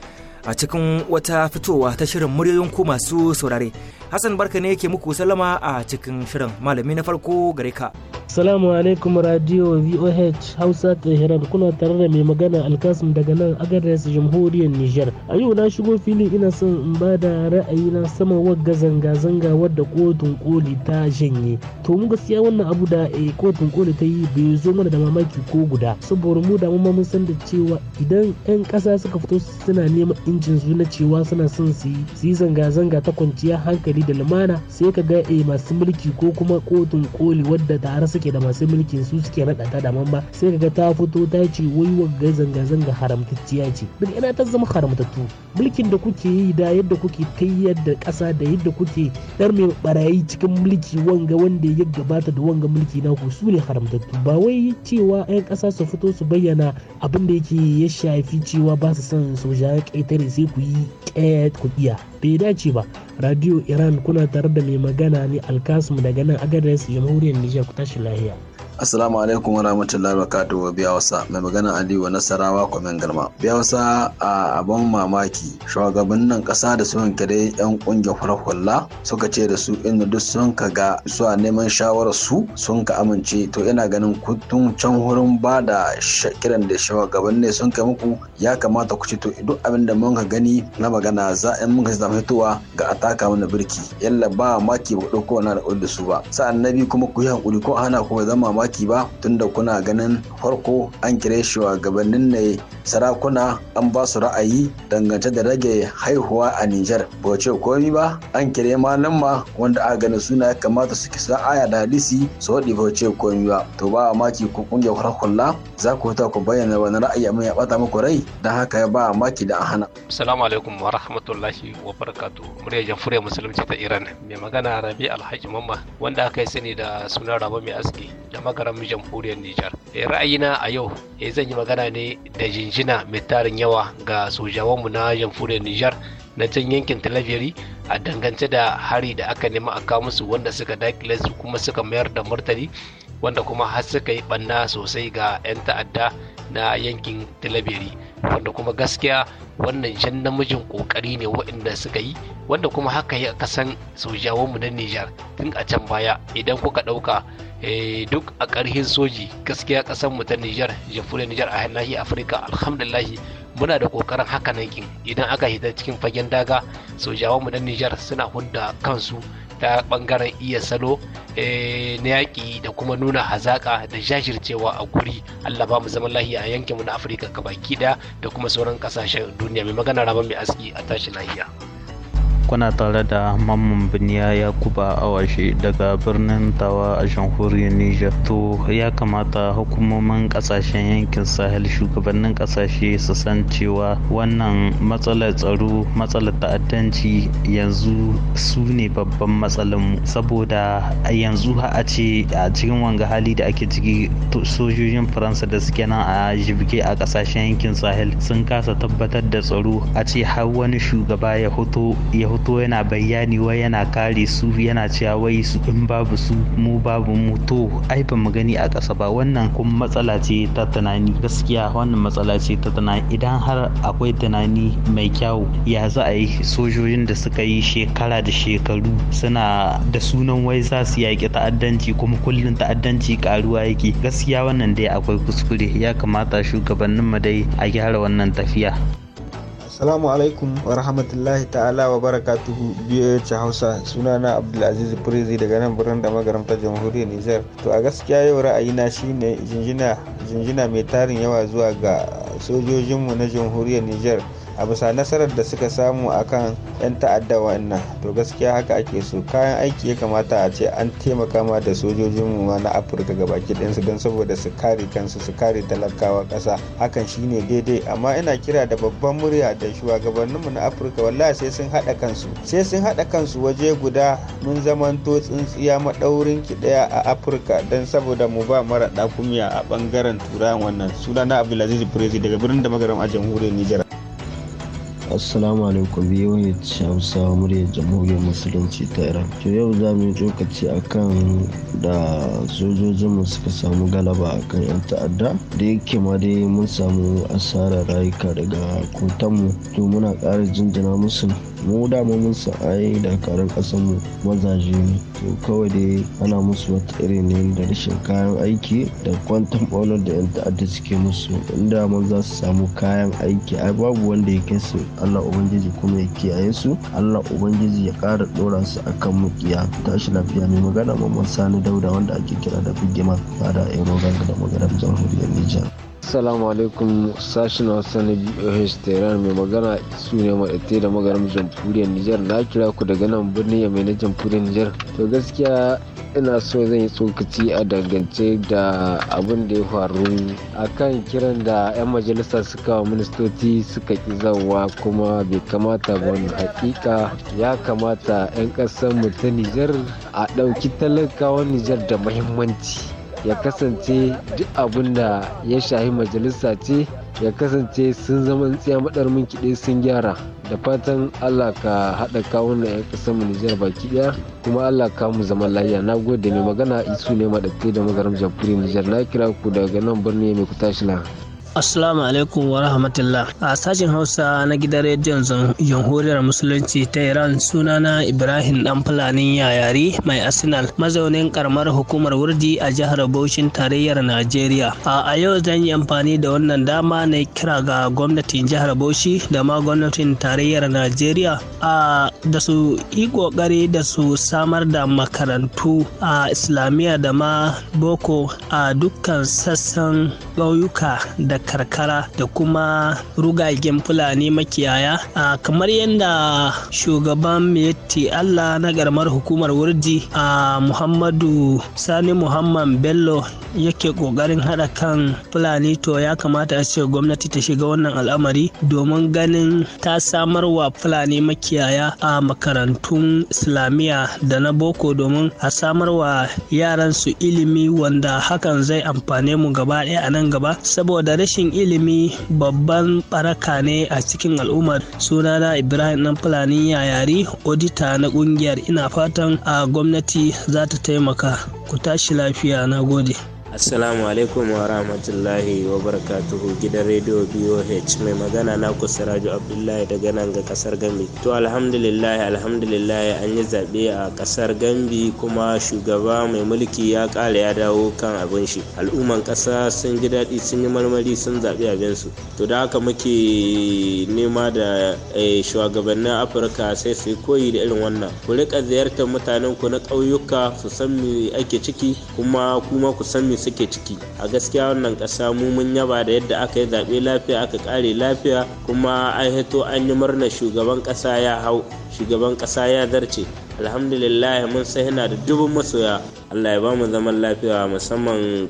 [SPEAKER 4] a cikin wata fitowa ta shirin muryoyin ku masu saurare. Hassan barka ne ke muku salama a cikin shirin malami na farko gare ka.
[SPEAKER 8] Salamu alaikum radio VOH Hausa Tehran kuna tare da mai magana Alkasim daga nan Agadez Jamhuriyar Nijar. A yau na shigo fili ina son in ba da ra'ayi na sama wagga zanga-zanga wadda kotun koli ta janye. To mu gaskiya wannan abu da eh, kotun koli ta yi bai zo mana da mamaki ko guda. Saboda mu da mun san da cewa idan 'yan kasa suka fito suna neman incin su na cewa suna son su yi su yi zanga-zanga ta kwanciyar hankali da lumana sai ka ga e masu mulki ko kuma kotun koli wadda tare suke da masu mulkin su suke naɗa ta daman ba sai ka ga ta fito ta ce wai wagga zanga-zanga haramtacciya ce duk ina ta zama haramtattu mulkin da kuke yi da yadda kuke tayyar da kasa da yadda kuke dar mai barayi cikin mulki wanga wanda ya gabata da wanga mulki na su ne haramtattu ba wai cewa 'yan kasa su fito su bayyana abin da yake ya shafi cewa ba su son soja ƙetare dole sai ku yi ƙet ku iya bai dace ba radio iran kuna tare da mai magana ne alkasum daga nan yi jamhuriyar nijar ku tashi lahiya
[SPEAKER 9] Assalamu alaikum warahmatullahi wabarakatuh wa Biyawasa mai magana Aliyu Nasarawa kwamen garma. Biyawasa a abin mamaki shugabannin kasa da sun kare yan kungiyar farfalla suka ce da su inda duk sun ka ga suwa neman shawarar su sun ka amince to ina ganin kutun can hurin ba da kiran da shugaban ne sun kai muku ya kamata ku ci. to duk abin da mun ka gani na magana za in mun ka zama fitowa ga ataka mana birki yalla ba maki ba ku dauko da su ba sa'an nabi kuma ku yi hankuli ko hana ku zama mamaki ba tunda kuna ganin farko an kire shi wa gabanin ne sarakuna an ba su ra'ayi dangance da rage haihuwa a Nijar. Ba ce komi ba an kire malam ma wanda aka gani suna ya kamata su kisa aya da hadisi su haɗi ba ce komi ba. To ba mamaki ku kungiyar farkulla za ku ta ku bayyana wani ra'ayi mai ya bata muku rai don haka ba mamaki da a hana.
[SPEAKER 10] Assalamu alaikum wa rahmatullahi wa barakatuh. Muryar fure Musulunci ta Iran. Mai magana Rabi Alhaji Mamma wanda aka yi sani da sunan Rabo Mai Aski. Da magaran jamhuriyar Nijar. Eh, ra'ayina a yau eh, zan yi magana ne da jinjina mai tarin yawa ga sojawanmu na jamhuriyar Nijar na can yankin talabiri a dangance da hari da aka nema a kawo musu wanda suka dakile su kuma suka mayar da martani wanda kuma har suka yi banna sosai ga 'yan ta'adda na yankin talabiri wanda kuma gaskiya wannan jan namijin kokari ne waɗanda suka yi wanda kuma haka ya kasan sojawanmu na nijar tun a can baya idan kuka ɗauka Eh, duk a ƙarhin soji gaskiya ƙasar mu ta Nijar jamhuriyar Nijar a nahiyar Afirka alhamdulillahi muna da kokarin haka nan idan aka hita cikin fagen daga sojawan mu na Nijar suna hudda kansu ta bangaren iya salo eh, na yaƙi da kuma nuna hazaƙa da jajircewa a guri Allah ba mu zaman lahiya a mu na Afirka gabaki ɗaya da kuma sauran ƙasashen duniya mai magana raba mai aski a tashi lahiya.
[SPEAKER 11] kuna tare da mamman biniya yakuba awashi daga birnin tawa a jamhuriyar niger to ya kamata hukumomin kasashen yankin sahel shugabannin kasashe su san cewa wannan matsalar tsaro matsalar ta'addanci yanzu su ne babban matsalar saboda yanzu a ce a cikin wanga hali da ake ciki sojojin faransa da suke nan a jibge a kasashen yankin sahel sun kasa tabbatar da tsaro a ce har wani shugaba ya hoto ya rahoto yana bayani wai yana kare su yana cewa wai su in babu su mu babu mu to ai ba mu gani a ƙasa ba wannan kuma matsala ce ta tunani gaskiya wannan matsala ce ta tunani idan har akwai tunani mai kyau ya za a yi sojojin da suka yi shekara da shekaru suna da sunan wai za su yaƙi ta'addanci kuma kullum ta'addanci karuwa yake gaskiya wannan dai akwai kuskure ya kamata shugabannin mu dai a gyara wannan tafiya
[SPEAKER 12] Salamu alaikum wa rahmatullahi ta'ala wa barakatuhu BH Hausa sunana Abdulaziz Prezi daga nan birnin da magaramtar jamhuriyar Nijar. To a gaskiya yau ra'ayi na shine jinjina jinjina mai tarin yawa zuwa ga sojojinmu na jamhuriyar Nijar. a bisa nasarar da suka samu a kan 'yan ta'adda wannan to gaskiya haka ake so kayan aiki ya kamata a ce an taimaka ma da sojojinmu ma na afirka baki ɗinsu don saboda su kare kansu su kare talakawa ƙasa hakan shine daidai amma ina kira da babban murya da mu na afirka wallahi sai sun haɗa kansu sai sun haɗa kansu waje guda mun zamanto tsintsiya maɗaurin ki ɗaya a afirka don saboda mu ba mara ɗakumiya a ɓangaren turawan wannan sunana abdulaziz prezi daga birnin da magaram a jamhuriyar nijar
[SPEAKER 13] assalamu alaikum biyu ne hausa muryar jamhuriyar musulunci ta iran to yau za mu yi tsokaci kan da sojojinmu suka samu galaba akan yan ta'adda da yake ma dai mun samu asarar rayuka daga kotanmu to muna ƙara jinjina musu mu dama mun san ai dakarun ƙasanmu mazaje ne to kawai dai ana musu wata iri ne da rashin kayan aiki da kwantan ɓaunar da yan ta'adda suke musu inda mun za su samu kayan aiki ai babu wanda ya kai su Allah ubangiji kuma ya kiyaye su Allah ubangiji ya ƙara ɗora su akan mukiya tashi lafiya mai magana mamman sani dauda wanda ake kira da bigima fada ero ganga da maganar jamhuriyar Nijar.
[SPEAKER 9] Assalamu alaikum sashen Hausa na BOH Tehran mai magana su ne maɗate da magaram jamhuriyar Nijar na kira ku daga nan birnin yamai na jamhuriyar Nijar. To gaskiya ina so zan yi tsokaci a dangance da abin da ya faru a kan kiran da 'yan majalisa suka wa ministoci suka ki zawa kuma bai kamata ba wani hakika ya kamata 'yan ƙasar mu ta nijar a ɗauki talakawan nijar da muhimmanci ya kasance duk abin da ya shahi majalisa ce ya kasance sun zama tsiya madar mun kiɗe sun gyara da fatan allah ka haɗa kawunan 'yan kasar mu nijar baki ɗaya kuma allah ka mu zaman lafiya na gode mai magana isu ne maɗaɗe da magaram jamhuriyar nijar na kira ku daga nan birni mai ku tashi
[SPEAKER 6] Assalamu alaikum wa rahmatullah. A sashen Hausa na gidan rediyon Jamhuriyar Musulunci ta Iran sunana Ibrahim Dan Fulani Yayari mai Arsenal mazaunin karamar hukumar Wurdi a jihar Bauchin tarayyar Najeriya. A yau zan yi amfani da wannan dama na kira ga gwamnatin jihar Bauchi da ma gwamnatin tarayyar Najeriya a da su yi kokari da su samar da makarantu a Islamiyya da ma Boko a dukkan sassan ƙauyuka da karkara da kuma rugagen fulani makiyaya a kamar yadda shugaban mai allah na garmar hukumar wurji a muhammadu sani muhammad bello yake kokarin hada kan fulani to ya kamata a ce gwamnati ta shiga wannan al'amari domin ganin ta samar wa fulani makiyaya a makarantun islamiyya da na boko domin a samar wa su ilimi wanda hakan zai amfane mu gaba ɗaya a nan gaba saboda rashin rashin ilimi babban baraka ne a cikin al'ummar sunana ibrahim nan fulani yayari odita na ƙungiyar ina fatan a gwamnati za ta taimaka ku tashi lafiya na gode
[SPEAKER 13] assalamu alaikum wa rahmatullahi wa barakatuhu gidan rediyo boh mai magana na ku siraju abdullahi daga nan ga kasar gambi to alhamdulillah alhamdulillah an yi zaɓe a kasar gambi kuma shugaba mai mulki ya ƙara ya dawo kan abin shi al'umman ƙasa sun ji daɗi sun yi marmari sun zaɓi su. to da haka muke nema da eh, shugabannin afirka sai su koyi da irin wannan ku riƙa ziyartar mutanen ku na ƙauyuka su san me ake ciki kuma kuma ku san me suke ciki a gaskiya wannan ƙasa mu mun yaba da yadda aka yi zaɓe lafiya aka ƙare lafiya kuma an hito an yi murnar shugaban ƙasa ya hau shugaban ƙasa ya zarce alhamdulillah mun sai yana da dubun masoya allah ya ba mu zaman lafiya musamman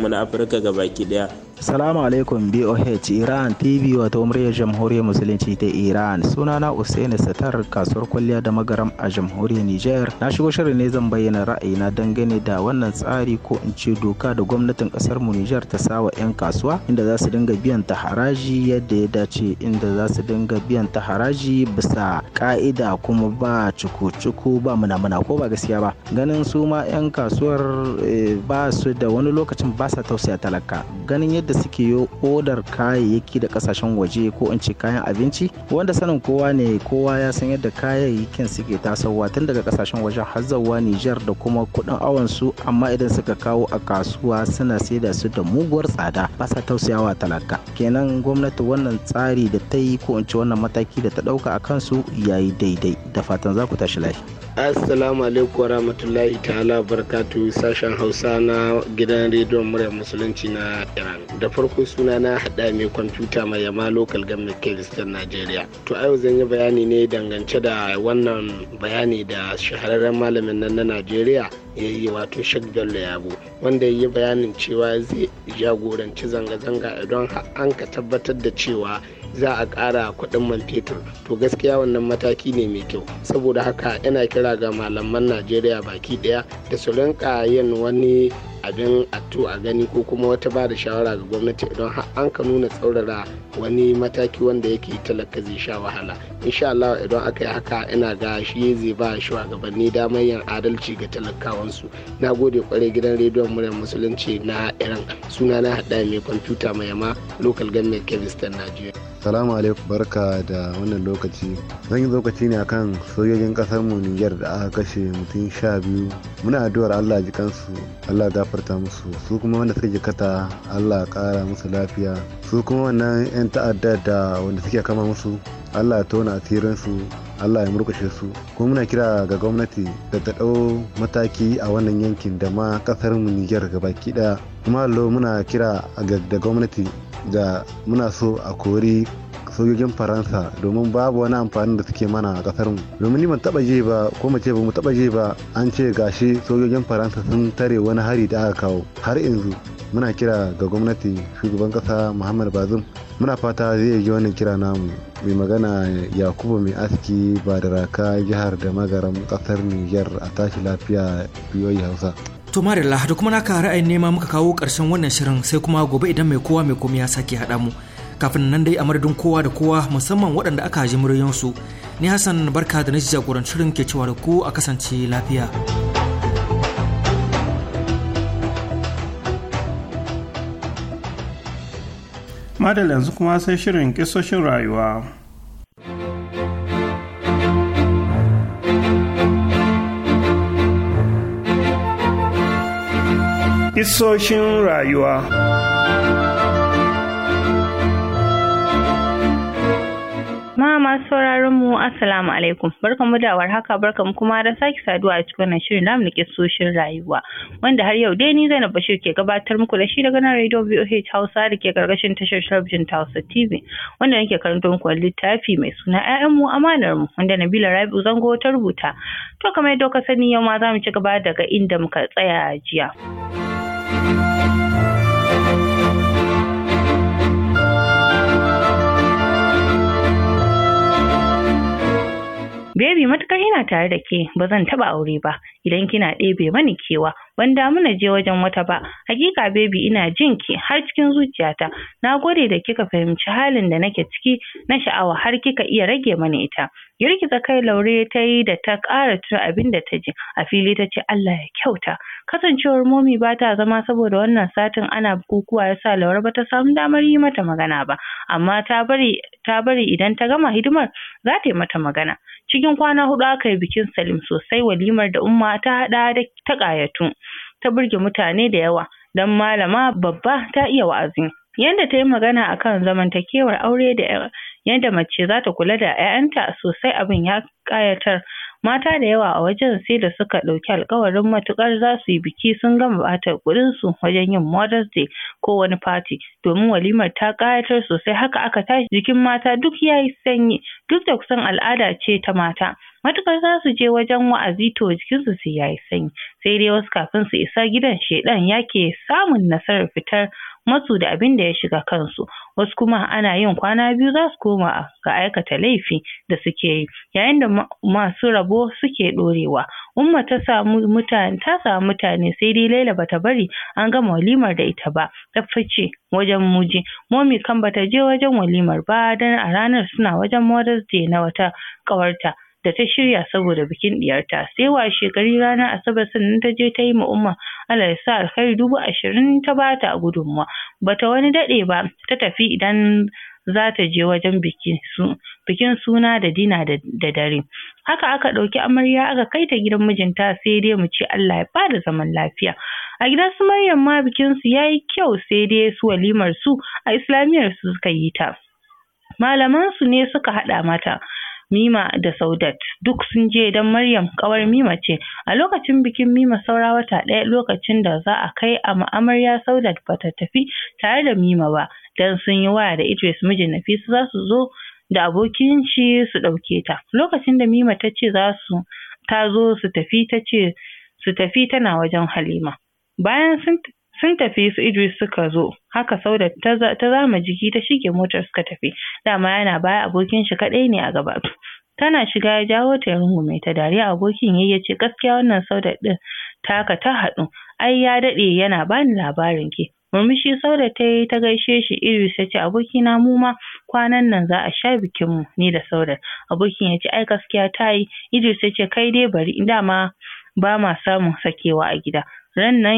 [SPEAKER 13] mu na afirka ga baki daya
[SPEAKER 12] Salamu alaikum BOH Iran TV wato muryar jamhuriyar musulunci ta Iran sunana Usaini Satar kasuwar kwalliya da magaram a jamhuriyar Niger na shigo shirin ne zan bayyana ra'ayina dangane da wannan tsari ko in ce doka da gwamnatin kasar mu Niger ta sawa 'yan kasuwa inda za su dinga biyan ta haraji yadda ya dace inda za su dinga biyan ta haraji bisa ka'ida tsafta kuma ba cuku-cuku ba muna-muna ko ba gaskiya ba ganin su ma 'yan kasuwar eh, ba su da wani lokacin ba sa tausaya talaka ganin yadda suke yi odar kayayyaki da kasashen waje ko in ce kayan abinci wanda sanin kowa ne kowa ya san yadda kayayyakin suke tasowa tun daga kasashen waje har zawa Nijar da kuma kuɗin awon su amma idan suka kawo a kasuwa suna saida su da muguwar tsada ba sa tausayawa talaka kenan gwamnati wannan tsari da ta yi ko in ce wannan mataki da ta ɗauka a kansu yayi dai daidai da fatan za ku tashi lafiya
[SPEAKER 14] assalamu alaikum wa rahmatullahi ta'ala barkatu sashen hausa na gidan rediyon murya musulunci na iran da farko suna na hada mai kwamfuta mai yama local government kiristan nigeria to a yau zan yi bayani ne dangance da wannan bayani da shahararren malamin nan na nigeria ya yi wato sheikh bello yabo wanda ya yi bayanin cewa zai jagoranci zanga-zanga idan an ka tabbatar da cewa za a ƙara kuɗin man fetur to gaskiya wannan mataki ne mai kyau saboda haka yana kira ga malaman najeriya baki ɗaya da su rinka yin wani abin ato a gani ko kuma wata ba da shawara ga gwamnati idan an ka nuna tsaurara wani mataki wanda yake talaka zai sha wahala insha Allah idan aka yi haka ina ga shi zai ba shugabanni damar yin adalci ga talakawansu na gode kwarai gidan rediyon muryar musulunci na iran suna na hada mai kwamfuta mai yama local government kevistan nigeria. salamu alaikum barka da wannan lokaci zan yi lokaci ne akan sojojin kasar mu niger da aka kashe mutum sha biyu muna addu'ar allah ji kansu allah gafarta musu su kuma wanda suka jikata allah kara musu lafiya su kuma wannan 'yan ta'adda da wanda suke kama musu allah ya tona asirinsu allah ya murkushe su kuma muna kira ga gwamnati da ta ɗau mataki a wannan yankin da ma kasar mu niger gaba ɗaya kuma allo muna kira ga gwamnati da muna so a kori sojojin faransa domin babu wani amfani da suke mana a kasar mu domin ni ban taba je ba ko mace ba mu taba je ba an ce gashi sojojin faransa sun tare wani hari da aka kawo har yanzu muna kira ga gwamnati shugaban kasa muhammad bazum muna fata zai yi wannan kira namu mai magana yakubu mai aski ba da raka jihar da magaram kasar niger a tashi lafiya biyoyi hausa
[SPEAKER 4] to mara da kuma naka ra'ayin nema muka kawo karshen wannan shirin sai kuma gobe idan mai kowa mai komi ya sake haɗa mu kafin nan dai a madadin kowa da kowa musamman waɗanda aka haji muryansu ni hassan barka da na jagorancin ke cewa da ku a kasance lafiya.
[SPEAKER 1] madal yanzu kuma sai shirin kisoshin rayuwa
[SPEAKER 7] kisoshin rayuwa Jama'a masu sauraron mu Assalamu alaikum. mu da warhaka mu kuma da sake saduwa a cikin wannan shirin namu nake rayuwa. Wanda har yau dai ni Zainab Bashir ke gabatar muku da shi daga nan Radio VOH Hausa da ke karkashin tashar talabijin Hausa TV. Wanda nake karanto muku wani littafi mai suna ƴaƴan mu amanar mu wanda Nabila Rabi'u Zango ta rubuta. To kamar yadda ka sani yau ma za mu ci gaba daga inda muka tsaya jiya. ina tare da ke ba zan taɓa aure ba idan kina ɗebe mani kewa ban damu je wajen wata ba hakika bebi ina jin ki har cikin zuciyata na gode da kika fahimci halin da nake ciki na sha'awa har kika iya rage mani ita girgiza kai laure ta yi da ta ƙara tuna abin da ta ji a fili ta ce Allah ya kyauta kasancewar momi ba ta zama saboda wannan satin ana bukukuwa yasa laure ba ta samu damar yi mata magana ba amma ta bari ta bari idan ta gama hidimar zata yi mata magana Cikin kwana hudu aka yi bikin Salim sosai walimar da umma ta haɗa da ta ƙayatu. Ta burge mutane da yawa don malama babba ta iya wa'azi. Yanda ta yi magana akan zamantakewar aure da yanda mace za ta kula da 'ya'yanta sosai abin ya ƙayatar. Mata da yawa a wajen sai da suka ɗauki alƙawarin matuƙar za su yi biki sun gama ɓata kuɗinsu wajen yin Mother's Day ko wani Fati. domin walimar ta ƙayatar sosai haka aka tashi jikin mata duk ya yi sanyi duk da kusan al'ada ce ta mata. matuƙar za su je wajen wa'azi to jikinsu sai ya yi sanyi sai dai wasu kafin su isa gidan shaidan yake samun nasarar fitar masu da abin da ya shiga kansu wasu kuma ana yin kwana biyu za su koma ga aikata laifi da suke yi yayin da masu rabo suke ɗorewa umma ta samu mutane ta samu mutane sai dai laila bata bari an gama walimar da ita ba ta fice wajen muji momi kan bata je wajen walimar ba dan a ranar suna wajen mother's day na wata ƙawarta da ta shirya saboda bikin diyarta sai washe gari ranar asabar sannan ta je ta yi ma umma Allah ya sa alkhairi dubu ashirin ta bata a gudunmuwa bata wani daɗe ba ta tafi idan za ta je wajen bikin bikin suna da dina da dare haka aka ɗauki amarya aka kai ta gidan mijinta sai dai mu ce Allah ya bada zaman lafiya a gidan su Maryam ma bikin su yayi kyau sai dai su walimar su a islamiyar su suka yi ta malaman su ne suka haɗa mata Mima da Saudat duk sun je don Maryam ƙawar Mima ce. A lokacin bikin Mima saura wata ɗaya lokacin da za a kai a maamarya Saudat bata tafi tare da Mima ba don sun yi waya da Idris mijin nafisa za su zo da abokin shi su ɗauke ta. Lokacin da Mima ta ce za su ta zo su tafi ta ce su tafi tana wajen Halima. Bayan sun sun tafi su Idris suka zo haka sauda ta zama jiki ta shige motar suka tafi dama yana baya abokin shi kadai ne a gaba tana shiga ya jawo ta mu rungume ta dariya abokin yayi yace gaskiya wannan ɗin din taka ta haɗu ai ya daɗe yana bani labarin ki murmushi sauda ta yi ta gaishe shi Idris ya ce na mu ma kwanan nan za a sha bikin mu ni da saudat abokin ya ce ai gaskiya ta yi Idris ya ce kai dai bari dama ba ma samun sakewa a gida Rannan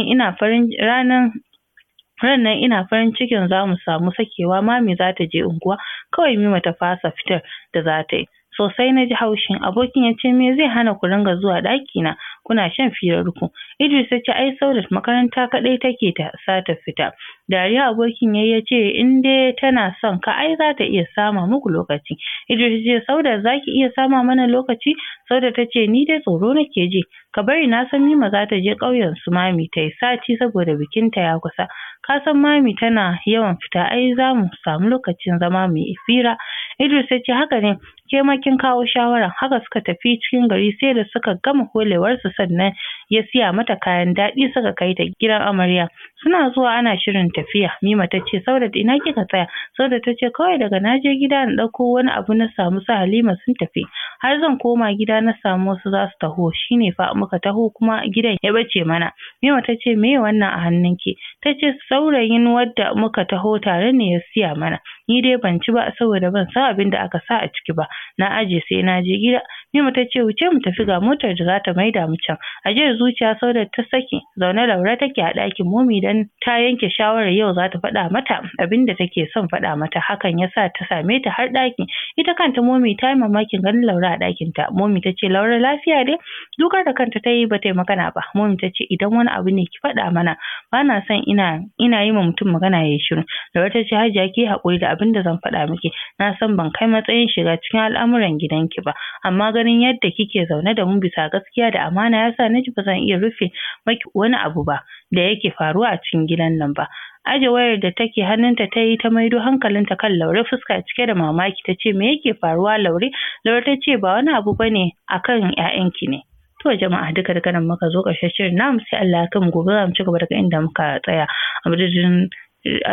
[SPEAKER 7] ina farin cikin za mu samu sakewa mami za ta je unguwa kawai mima ta fasa fitar da za ta yi sosai na ji haushin abokin ya ce me zai hana ku ringa zuwa ɗakina kuna shan firarku. Idris ya ce ai Saudat makaranta kaɗai take ta sa ta fita. Dariya abokin yayi ya ce in dai tana son ka ai za ta iya sama muku lokaci. Idris ya ce Saudat za ki iya sama mana lokaci? Saudat ta ce ni dai tsoro nake ji. Ka bari na san Mima za ta je ƙauyen su mami ta sati saboda bikinta ya kusa. ka san mami tana yawan fita ai za mu samu lokacin zama mu yi fira Idris ya ce haka ne ke kin kawo shawara haka suka tafi cikin gari sai da suka gama holewarsu sannan ya siya mata kayan daɗi suka kai ta gidan amarya suna zuwa ana shirin tafiya mima ta ce saudat ina kika tsaya saudat ta ce kawai daga na je gida na ɗauko wani abu na samu su halima sun tafi har zan koma gida na samu wasu za su taho shine fa muka taho kuma gidan ya bace mana mima ta ce me wannan a hannunki ta ce saurayin wadda muka taho tare ne ya siya mana ni dai ban ci ba saboda ban san abin da aka sa a ciki ba na aje sai na je gida Ni ta ce wuce mu tafi ga motar da za ta maida mu can A ajiyar zuciya saudar ta saki zaune laura take a ɗakin momi dan ta yanke shawarar yau za ta faɗa mata abin da take son faɗa mata hakan ya sa ta same ta har ɗaki ita kanta momi ta yi mamakin ganin laura a ɗakin ta momi ta ce laura lafiya dai dukar da kanta ta yi ba ta yi magana ba momi ta ce idan wani abu ne ki faɗa mana ba na son ina ina yi ma mutum magana ya yi shiru laura ta ce hajiya ki haƙuri da abin da zan faɗa miki na san ban kai matsayin shiga cikin al'amuran gidan ki ba amma ganin yadda kike zaune da mu bisa gaskiya da amana yasa naji ba zan iya rufe maki wani abu ba da yake faruwa a cikin gidan nan ba aje wayar da take hannunta ta yi ta maido hankalinta kan laure fuska cike da mamaki ta ce me yake faruwa laure laure ta ce ba wani abu bane akan 'ya'yanki ne To jama'a duka da nan muka zo ƙarshen shirin namu sai Allah ya mu gobe za mu ci gaba daga inda muka tsaya a madadin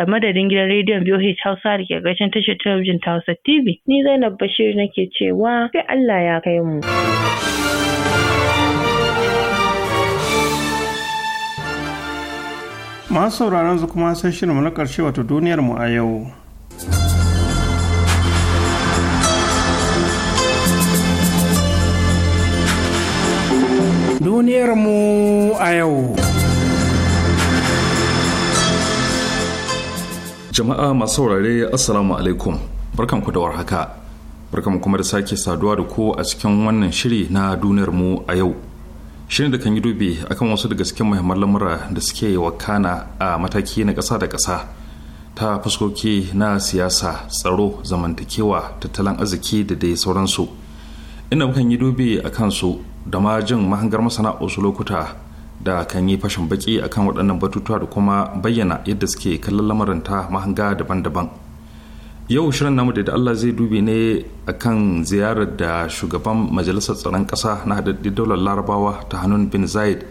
[SPEAKER 7] a madadin gidan rediyon BOH Hausa da ke gashin tashar talabijin ta Hausa TV. Ni Zainab Bashir nake cewa sai Allah ya kai mu.
[SPEAKER 1] Masu sauraron su kuma sai shirin na ƙarshe wato duniyar mu a yau.
[SPEAKER 3] Duniyar mu a yau. jama'a masu saurare assalamu alaikum barkan ku da warhaka barkan kuma da sake saduwa da ku a cikin wannan shiri na duniyar mu a yau shirin da kan yi dubi akan wasu daga cikin muhimman lamura da suke wakana a mataki na ƙasa da ƙasa ta fuskoki na siyasa tsaro zamantakewa tattalin arziki da dai sauransu ina kan yi dubi a kansu da ma jin mahangar masana wasu lokuta da kan yi fashin baki akan waɗannan batutuwa da kuma bayyana yadda suke kallon lamarin ta mahanga daban-daban yau shirin namu da Allah zai dubi ne akan ziyarar da shugaban majalisar tsaron ƙasa na haɗaɗɗi daular larabawa ta hannun bin zaid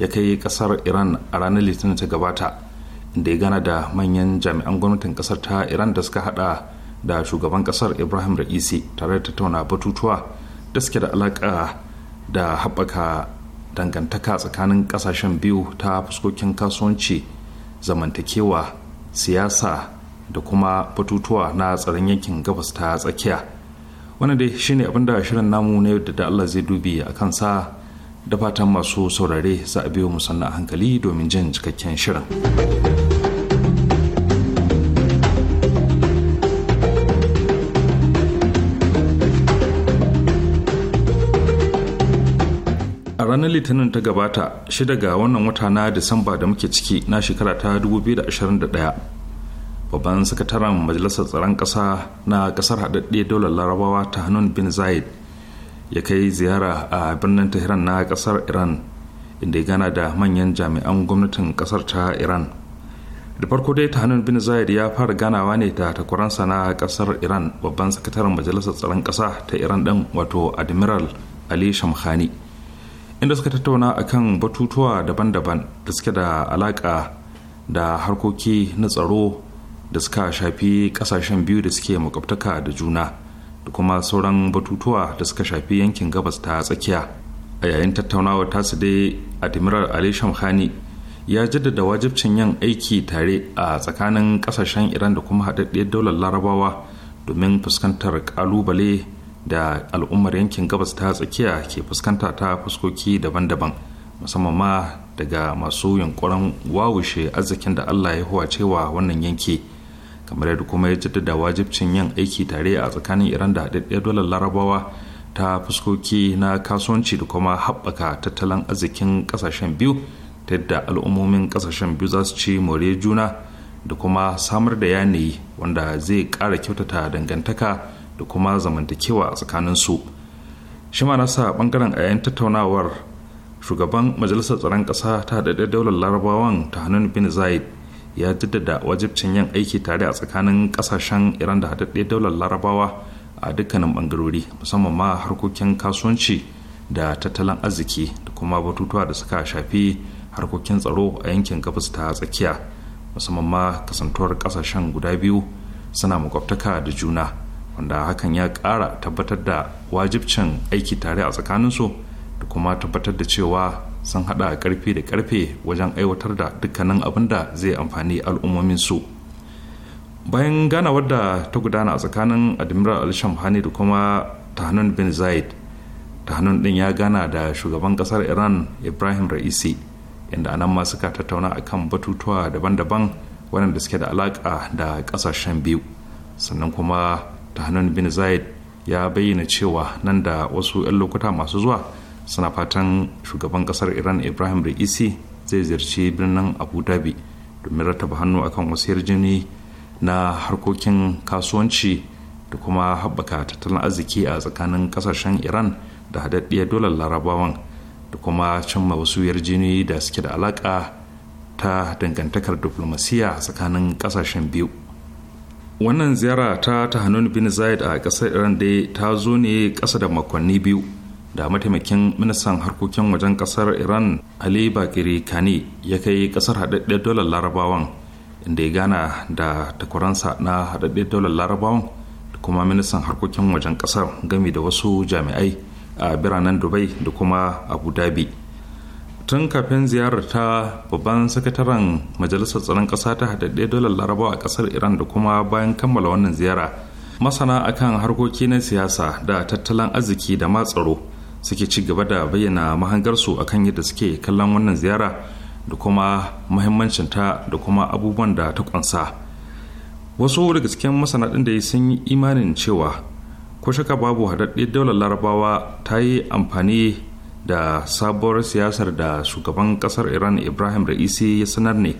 [SPEAKER 3] ya kai ƙasar iran a ranar litinin ta gabata inda ya gana da manyan jami'an gwamnatin ƙasar ta iran da suka haɗa da shugaban ƙasar ibrahim ra'isi tare da tattauna batutuwa da suke da alaƙa da haɓaka dangantaka tsakanin kasashen biyu ta fuskokin kasuwanci zamantakewa siyasa da kuma batutuwa na tsaron yankin gabas ta tsakiya wani dai shine abin da shirin namu na yau da Allah zai dubi a kansa da fatan masu saurare za a biyo musanna a hankali domin jin cikakken shirin. ranar litinin ta gabata shida ga wannan wata na disamba da muke ciki na shekara ta 2021 babban sakataren majalisar tsaron ƙasa na ƙasar haɗaɗɗe daular larabawa ta hannun bin zayed ya kai ziyara a birnin tehran na ƙasar iran inda ya gana da manyan jami'an gwamnatin ƙasar ta iran da farko dai ta hannun bin zayed ya fara ganawa ne da takwaransa na ƙasar iran babban sakataren majalisar tsaron ƙasa ta iran ɗin wato admiral ali shamkhani inda suka tattauna kan batutuwa daban-daban da suke da alaƙa da harkoki na tsaro da suka shafi ƙasashen biyu da suke makwabtaka da juna da kuma sauran batutuwa da suka shafi yankin gabas ta tsakiya a yayin tattaunawa tasu dai admiral ali shamkhani ya jaddada wajibcin yin aiki tare a tsakanin ƙasashen iran da kuma haɗaɗɗiyar daular larabawa domin fuskantar ƙalubale da al'ummar yankin gabas ta tsakiya ke fuskanta ta fuskoki daban-daban musamman ma daga masu yunkurin wawushe arzikin da allah ya huwa cewa wannan yanki kamar yadda kuma ya jaddada wajibcin yin aiki tare a tsakanin iran da haɗaɗɗiyar dolar larabawa ta fuskoki na kasuwanci da kuma haɓaka tattalin arzikin ƙasashen biyu ta yadda al'ummomin ƙasashen biyu za su ci more juna da kuma samar da yanayi wanda zai ƙara kyautata dangantaka da kuma zamantakewa a tsakaninsu shi ma nasa bangaren a yayin tattaunawar shugaban majalisar tsaron ƙasa ta haɗaɗɗe daular larabawan ta hannun bin zaid ya jaddada wajibcin yin aiki tare a tsakanin ƙasashen iran da haɗaɗɗe daular larabawa a dukkanin bangarori musamman ma harkokin kasuwanci da tattalin arziki da kuma batutuwa da suka shafi harkokin tsaro a yankin gabas ta tsakiya musamman ma kasantuwar ƙasashen guda biyu suna makwabtaka da juna wanda hakan ya ƙara tabbatar da wajibcin aiki tare a tsakaninsu da kuma tabbatar da cewa sun haɗa ƙarfi da ƙarfe wajen aiwatar da dukkanin abin da zai amfani al'ummominsu bayan ganawar da ta gudana a tsakanin admiral al-shamhani da kuma tahnun bin zaid tahanun ɗin ya gana da shugaban ƙasar iran ibrahim ra'isi inda anan ma suka tattauna kan batutuwa daban-daban waɗanda suke da alaƙa da ƙasashen biyu sannan kuma da hannun bin zayed ya bayyana cewa nan da wasu 'yan lokuta masu zuwa suna fatan shugaban kasar iran ibrahim rikisi zai ziyarci birnin abu dhabi domin rattaba hannu akan wasu yarjini na harkokin kasuwanci da kuma haɓaka tattalin arziki a tsakanin kasashen iran da haɗaɗɗiyar dolar larabawan da kuma cimma wasu yarjini da suke da alaƙa ta dangantakar diplomasiya tsakanin kasashen biyu wannan ziyara ta ta hannun bin zayed a ƙasar iran dai ta zo ne ƙasa da makonni biyu da mataimakin ministan harkokin wajen ƙasar iran ali bakiri kane ya kai ƙasar haɗaɗɗen dolar larabawan inda ya gana da takwaransa na haɗaɗɗen dolar larabawan da kuma ministan harkokin wajen ƙasar game da wasu jami'ai a biranen dubai da kuma abu dhabi tun kafin ziyarar ta babban sakataren majalisar tsaron ƙasa ta haɗaɗɗe dolar larabawa a ƙasar iran da kuma bayan kammala wannan ziyara masana akan harkoki na siyasa da tattalin arziki da ma tsaro suke ci gaba da bayyana mahangarsu akan yadda suke kallon wannan ziyara da kuma muhimmancinta da kuma abubuwan da ta kunsa wasu daga cikin masana ɗin da sun yi imanin cewa ko shaka babu haɗaɗɗe daular larabawa ta yi amfani da sabuwar siyasar da shugaban kasar iran ibrahim ra'isi ya sanar ne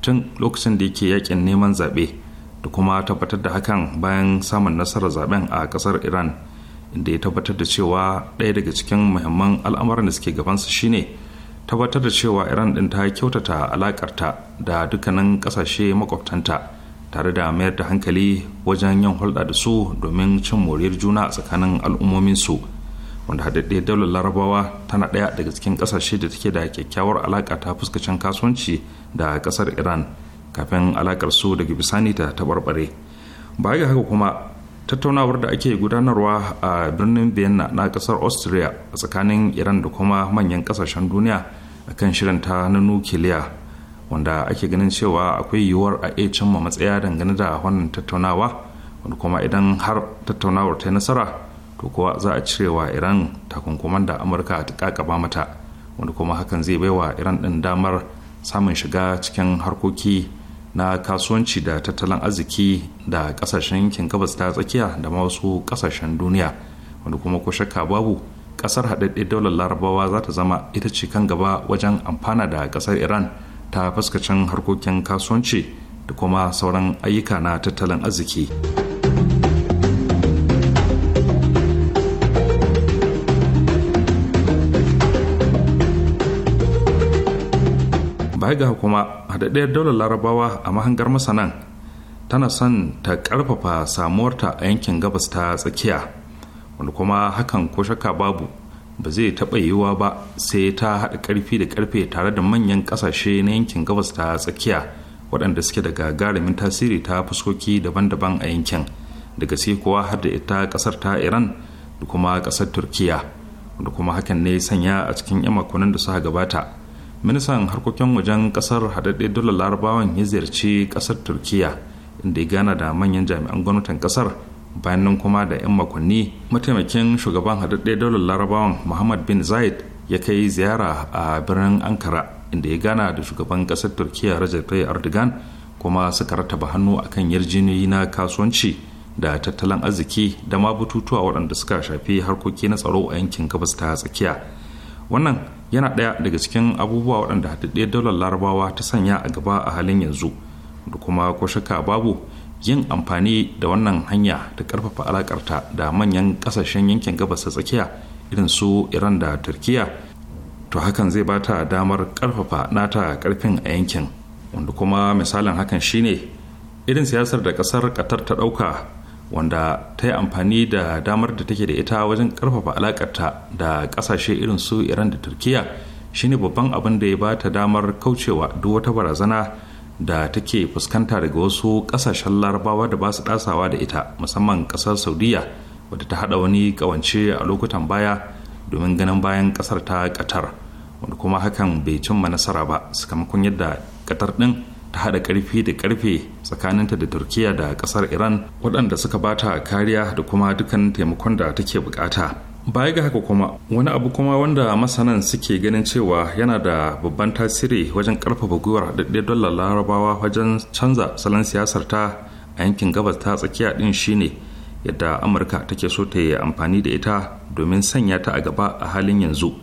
[SPEAKER 3] tun lokacin da yake yakin neman zaɓe da kuma tabbatar da hakan bayan samun nasarar zaben a kasar iran inda ya tabbatar da cewa ɗaya daga cikin muhimman al'amuran da suke gabansa shine tabbatar da cewa iran ɗin ta kyautata alakarta da dukkanin ƙasashe makwabtanta tare da mayar da hankali wajen yin hulɗa da su domin cin moriyar juna a tsakanin al'ummominsu su wanda haɗaɗɗiyar daular larabawa tana ɗaya daga cikin ƙasashe da take da kyakkyawar alaƙa ta fuskacin kasuwanci da ƙasar iran kafin alaƙar su daga bisani ta taɓarɓare baya ga haka kuma tattaunawar da ake gudanarwa a birnin vienna na ƙasar austria a tsakanin iran da kuma manyan ƙasashen duniya akan shirin ta na nukiliya wanda ake ganin cewa akwai yiwuwar a iya cimma matsaya dangane da wannan tattaunawa wanda kuma idan har tattaunawar ta yi nasara to kuwa za a cirewa iran takunkuman da amurka ta kakaba mata wanda kuma hakan zai bai wa iran din damar samun shiga cikin harkoki na kasuwanci da tattalin arziki da kasashen yankin gabas ta tsakiya da ma wasu kasashen duniya wanda kuma ko shakka babu kasar haɗaɗɗe daular larabawa za ta zama ita ce kan gaba wajen amfana da kasar iran ta fuskacin harkokin kasuwanci da kuma sauran ayyuka na tattalin arziki. baya ga kuma haɗaɗɗiyar daular larabawa a mahangar masanan tana son ta karfafa samuwarta a yankin gabas ta tsakiya wanda kuma hakan ko shakka babu ba zai taɓa yiwuwa ba sai ta haɗa ƙarfi da ƙarfe tare da manyan ƙasashe na yankin gabas ta tsakiya waɗanda suke da gagarumin tasiri ta fuskoki daban-daban a yankin daga sai kuwa har da ita ƙasar ta iran da kuma ƙasar turkiya wanda kuma hakan ne sanya a cikin 'yan makonnin da suka gabata ministan harkokin wajen kasar haɗaɗɗe dole larabawan ya ziyarci kasar turkiya inda ya gana da manyan jami'an gwamnatin kasar bayan nan kuma da 'yan makonni mataimakin shugaban haɗaɗɗe dole larabawan muhammad bin zaid ya kai ziyara a birnin ankara inda ya gana da shugaban kasar turkiya rajab tayyip erdogan kuma suka rataba hannu a akan yarjejeniyoyi na kasuwanci da tattalin arziki da ma bututuwa waɗanda suka shafi harkoki na tsaro a yankin gabas ta tsakiya wannan yana ɗaya daga cikin abubuwa waɗanda haɗaɗɗiyar daular larabawa ta sanya a gaba a halin yanzu da kuma ko shakka babu yin amfani da wannan hanya da ƙarfafa alaƙarta da manyan ƙasashen yankin gabas ta tsakiya irin su iran da turkiya to hakan zai ba ta damar ƙarfafa nata ƙarfin a yankin wanda kuma misalin hakan shine irin siyasar da ƙasar ƙatar ta ɗauka wanda ta yi amfani da damar da take da ita wajen karfafa alakarta da kasashe irin su iran da turkiya shine babban abin da ya ba ta damar kaucewa duk wata barazana da take fuskanta daga wasu kasashen larabawa da ba su dasawa da ita musamman kasar saudiya wadda ta hada wani kawance a lokutan baya domin ganin bayan kasar ta qatar wanda kuma hakan bai cimma nasara ba sakamakon yadda qatar din ta hada karfi da karfe tsakaninta da turkiya da kasar iran waɗanda suka ba ta kariya da kuma dukkan taimakon da take bukata baya ga haka kuma wani abu kuma wanda masanan suke ganin cewa yana da babban tasiri wajen karfafa gwiwar haɗaɗɗiyar dollar larabawa wajen canza salon siyasar ta a yankin gabas ta tsakiya ɗin shine yadda amurka take so ta yi amfani da ita domin sanya ta a gaba a halin yanzu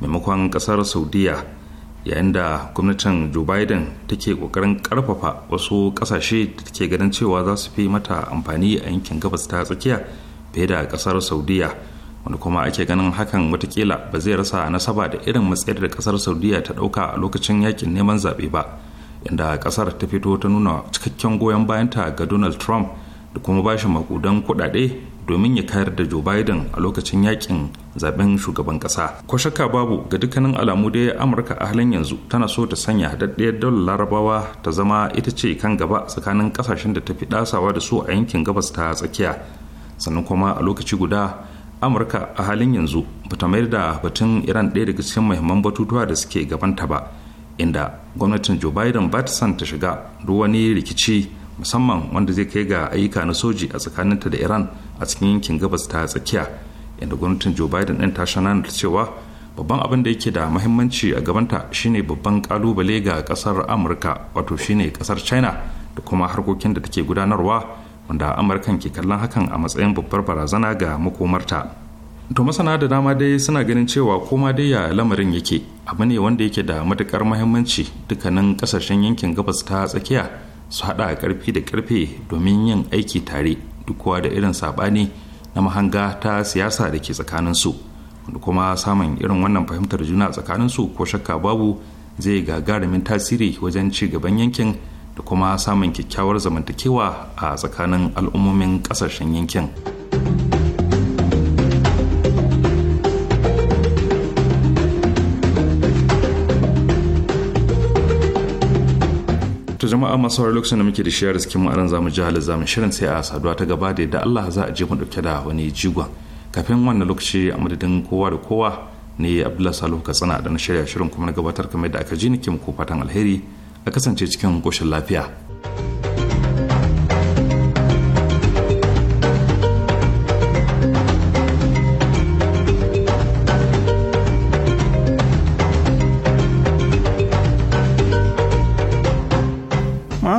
[SPEAKER 3] maimakon ƙasar saudiya yayin da gwamnatin joe biden take kokarin karfafa wasu kasashe da take ganin cewa za su fi mata amfani a yankin gabas ta tsakiya fiye da kasar saudiya wani kuma ake ganin hakan watakila ba zai rasa nasaba da irin matsayar da kasar saudiya ta dauka a lokacin yakin neman zaɓe ba inda kasar ta fito ta nuna cikakken goyon bayanta ga donald trump da kuma bashi makudan kuɗaɗe domin ya kayar da joe biden a lokacin yakin zaben shugaban kasa ko shakka babu ga dukkanin alamu da ya amurka a halin yanzu tana so ta sanya haɗaɗɗiyar daular larabawa ta zama ita ce kan gaba tsakanin kasashen da ta fi ɗasawa da su a yankin gabas ta tsakiya sannan kuma a lokaci guda amurka a halin yanzu bata mayar da batun iran ɗaya daga cikin muhimman batutuwa da suke gabanta ba inda gwamnatin joe biden ba ta son ta shiga duk wani rikici musamman wanda zai kai ga ayyuka na soji a tsakaninta da iran a cikin yankin gabas ta tsakiya inda gwamnatin joe biden ɗin ta da cewa babban abin da yake da mahimmanci a gabanta shine babban kalubale ga kasar amurka wato shine kasar china da kuma harkokin da take gudanarwa wanda amurkan ke kallon hakan a matsayin babbar barazana ga makomarta to masana da dama dai suna ganin cewa koma dai ya lamarin yake abu ne wanda yake da matukar mahimmanci dukkanin kasashen yankin gabas ta tsakiya su haɗa karfi da karfe domin yin aiki tare duk da irin saɓani na mahanga ta siyasa da ke tsakaninsu wanda kuma samun irin wannan fahimtar juna su ko shakka babu zai gagarumin tasiri wajen ci gaban yankin da kuma samun kyakkyawar zamantakewa a tsakanin al'ummomin kasashen yankin. to jama'a masu sauraron lokacin da muke da shi riskin mu aran zamu ji halin zamu shirin sai a saduwa ta gaba da Allah za a je mu dauke da wani jigon kafin wannan lokaci a madadin kowa da kowa ne Abdullahi Salihu Katsina da na shirya shirin kuma na gabatar kamar da aka ji nake muku fatan alheri a kasance cikin koshin lafiya.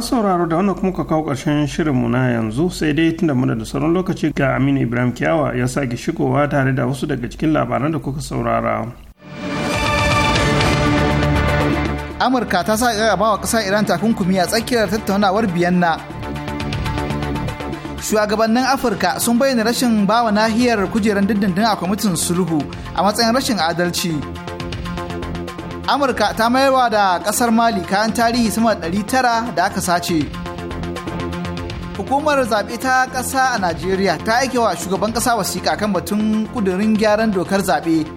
[SPEAKER 1] sauraro da wannan kuma ka kawo ƙarshen shirinmu na yanzu sai dai tunda muna da sauran lokaci ga aminu ibrahim kyawa ya sake shigowa tare da wasu daga cikin labaran da kuka saurara
[SPEAKER 2] amurka ta sa gaba wa ƙasar iran takunkumi a tsakiyar tattaunawar biyanna shugabannin afirka sun bayyana rashin bawa nahiyar kujerar dindindin a kwamitin sulhu a matsayin rashin adalci amurka ta mayarwa da kasar mali kayan tarihi sama da tara da aka sace hukumar zaɓe ta ƙasa a najeriya ta aikewa shugaban ƙasa wasiƙa kan batun ƙudurin gyaran dokar zaɓe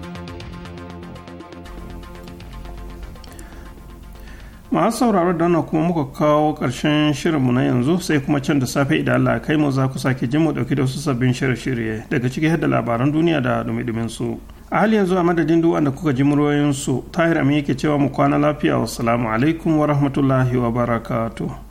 [SPEAKER 1] masu sauraro da wannan kuma muka kawo ƙarshen shirinmu na yanzu sai kuma can da safe idan Allah kai mu za ku sake jin mu dauki da wasu sabbin shirye-shirye daga ciki da labaran duniya da dumi su a hali yanzu a madadin duk wanda kuka ji muryoyin su tahir amin yake cewa mu kwana lafiya wa Salamu alaikum wa rahmatullahi wa barakatuh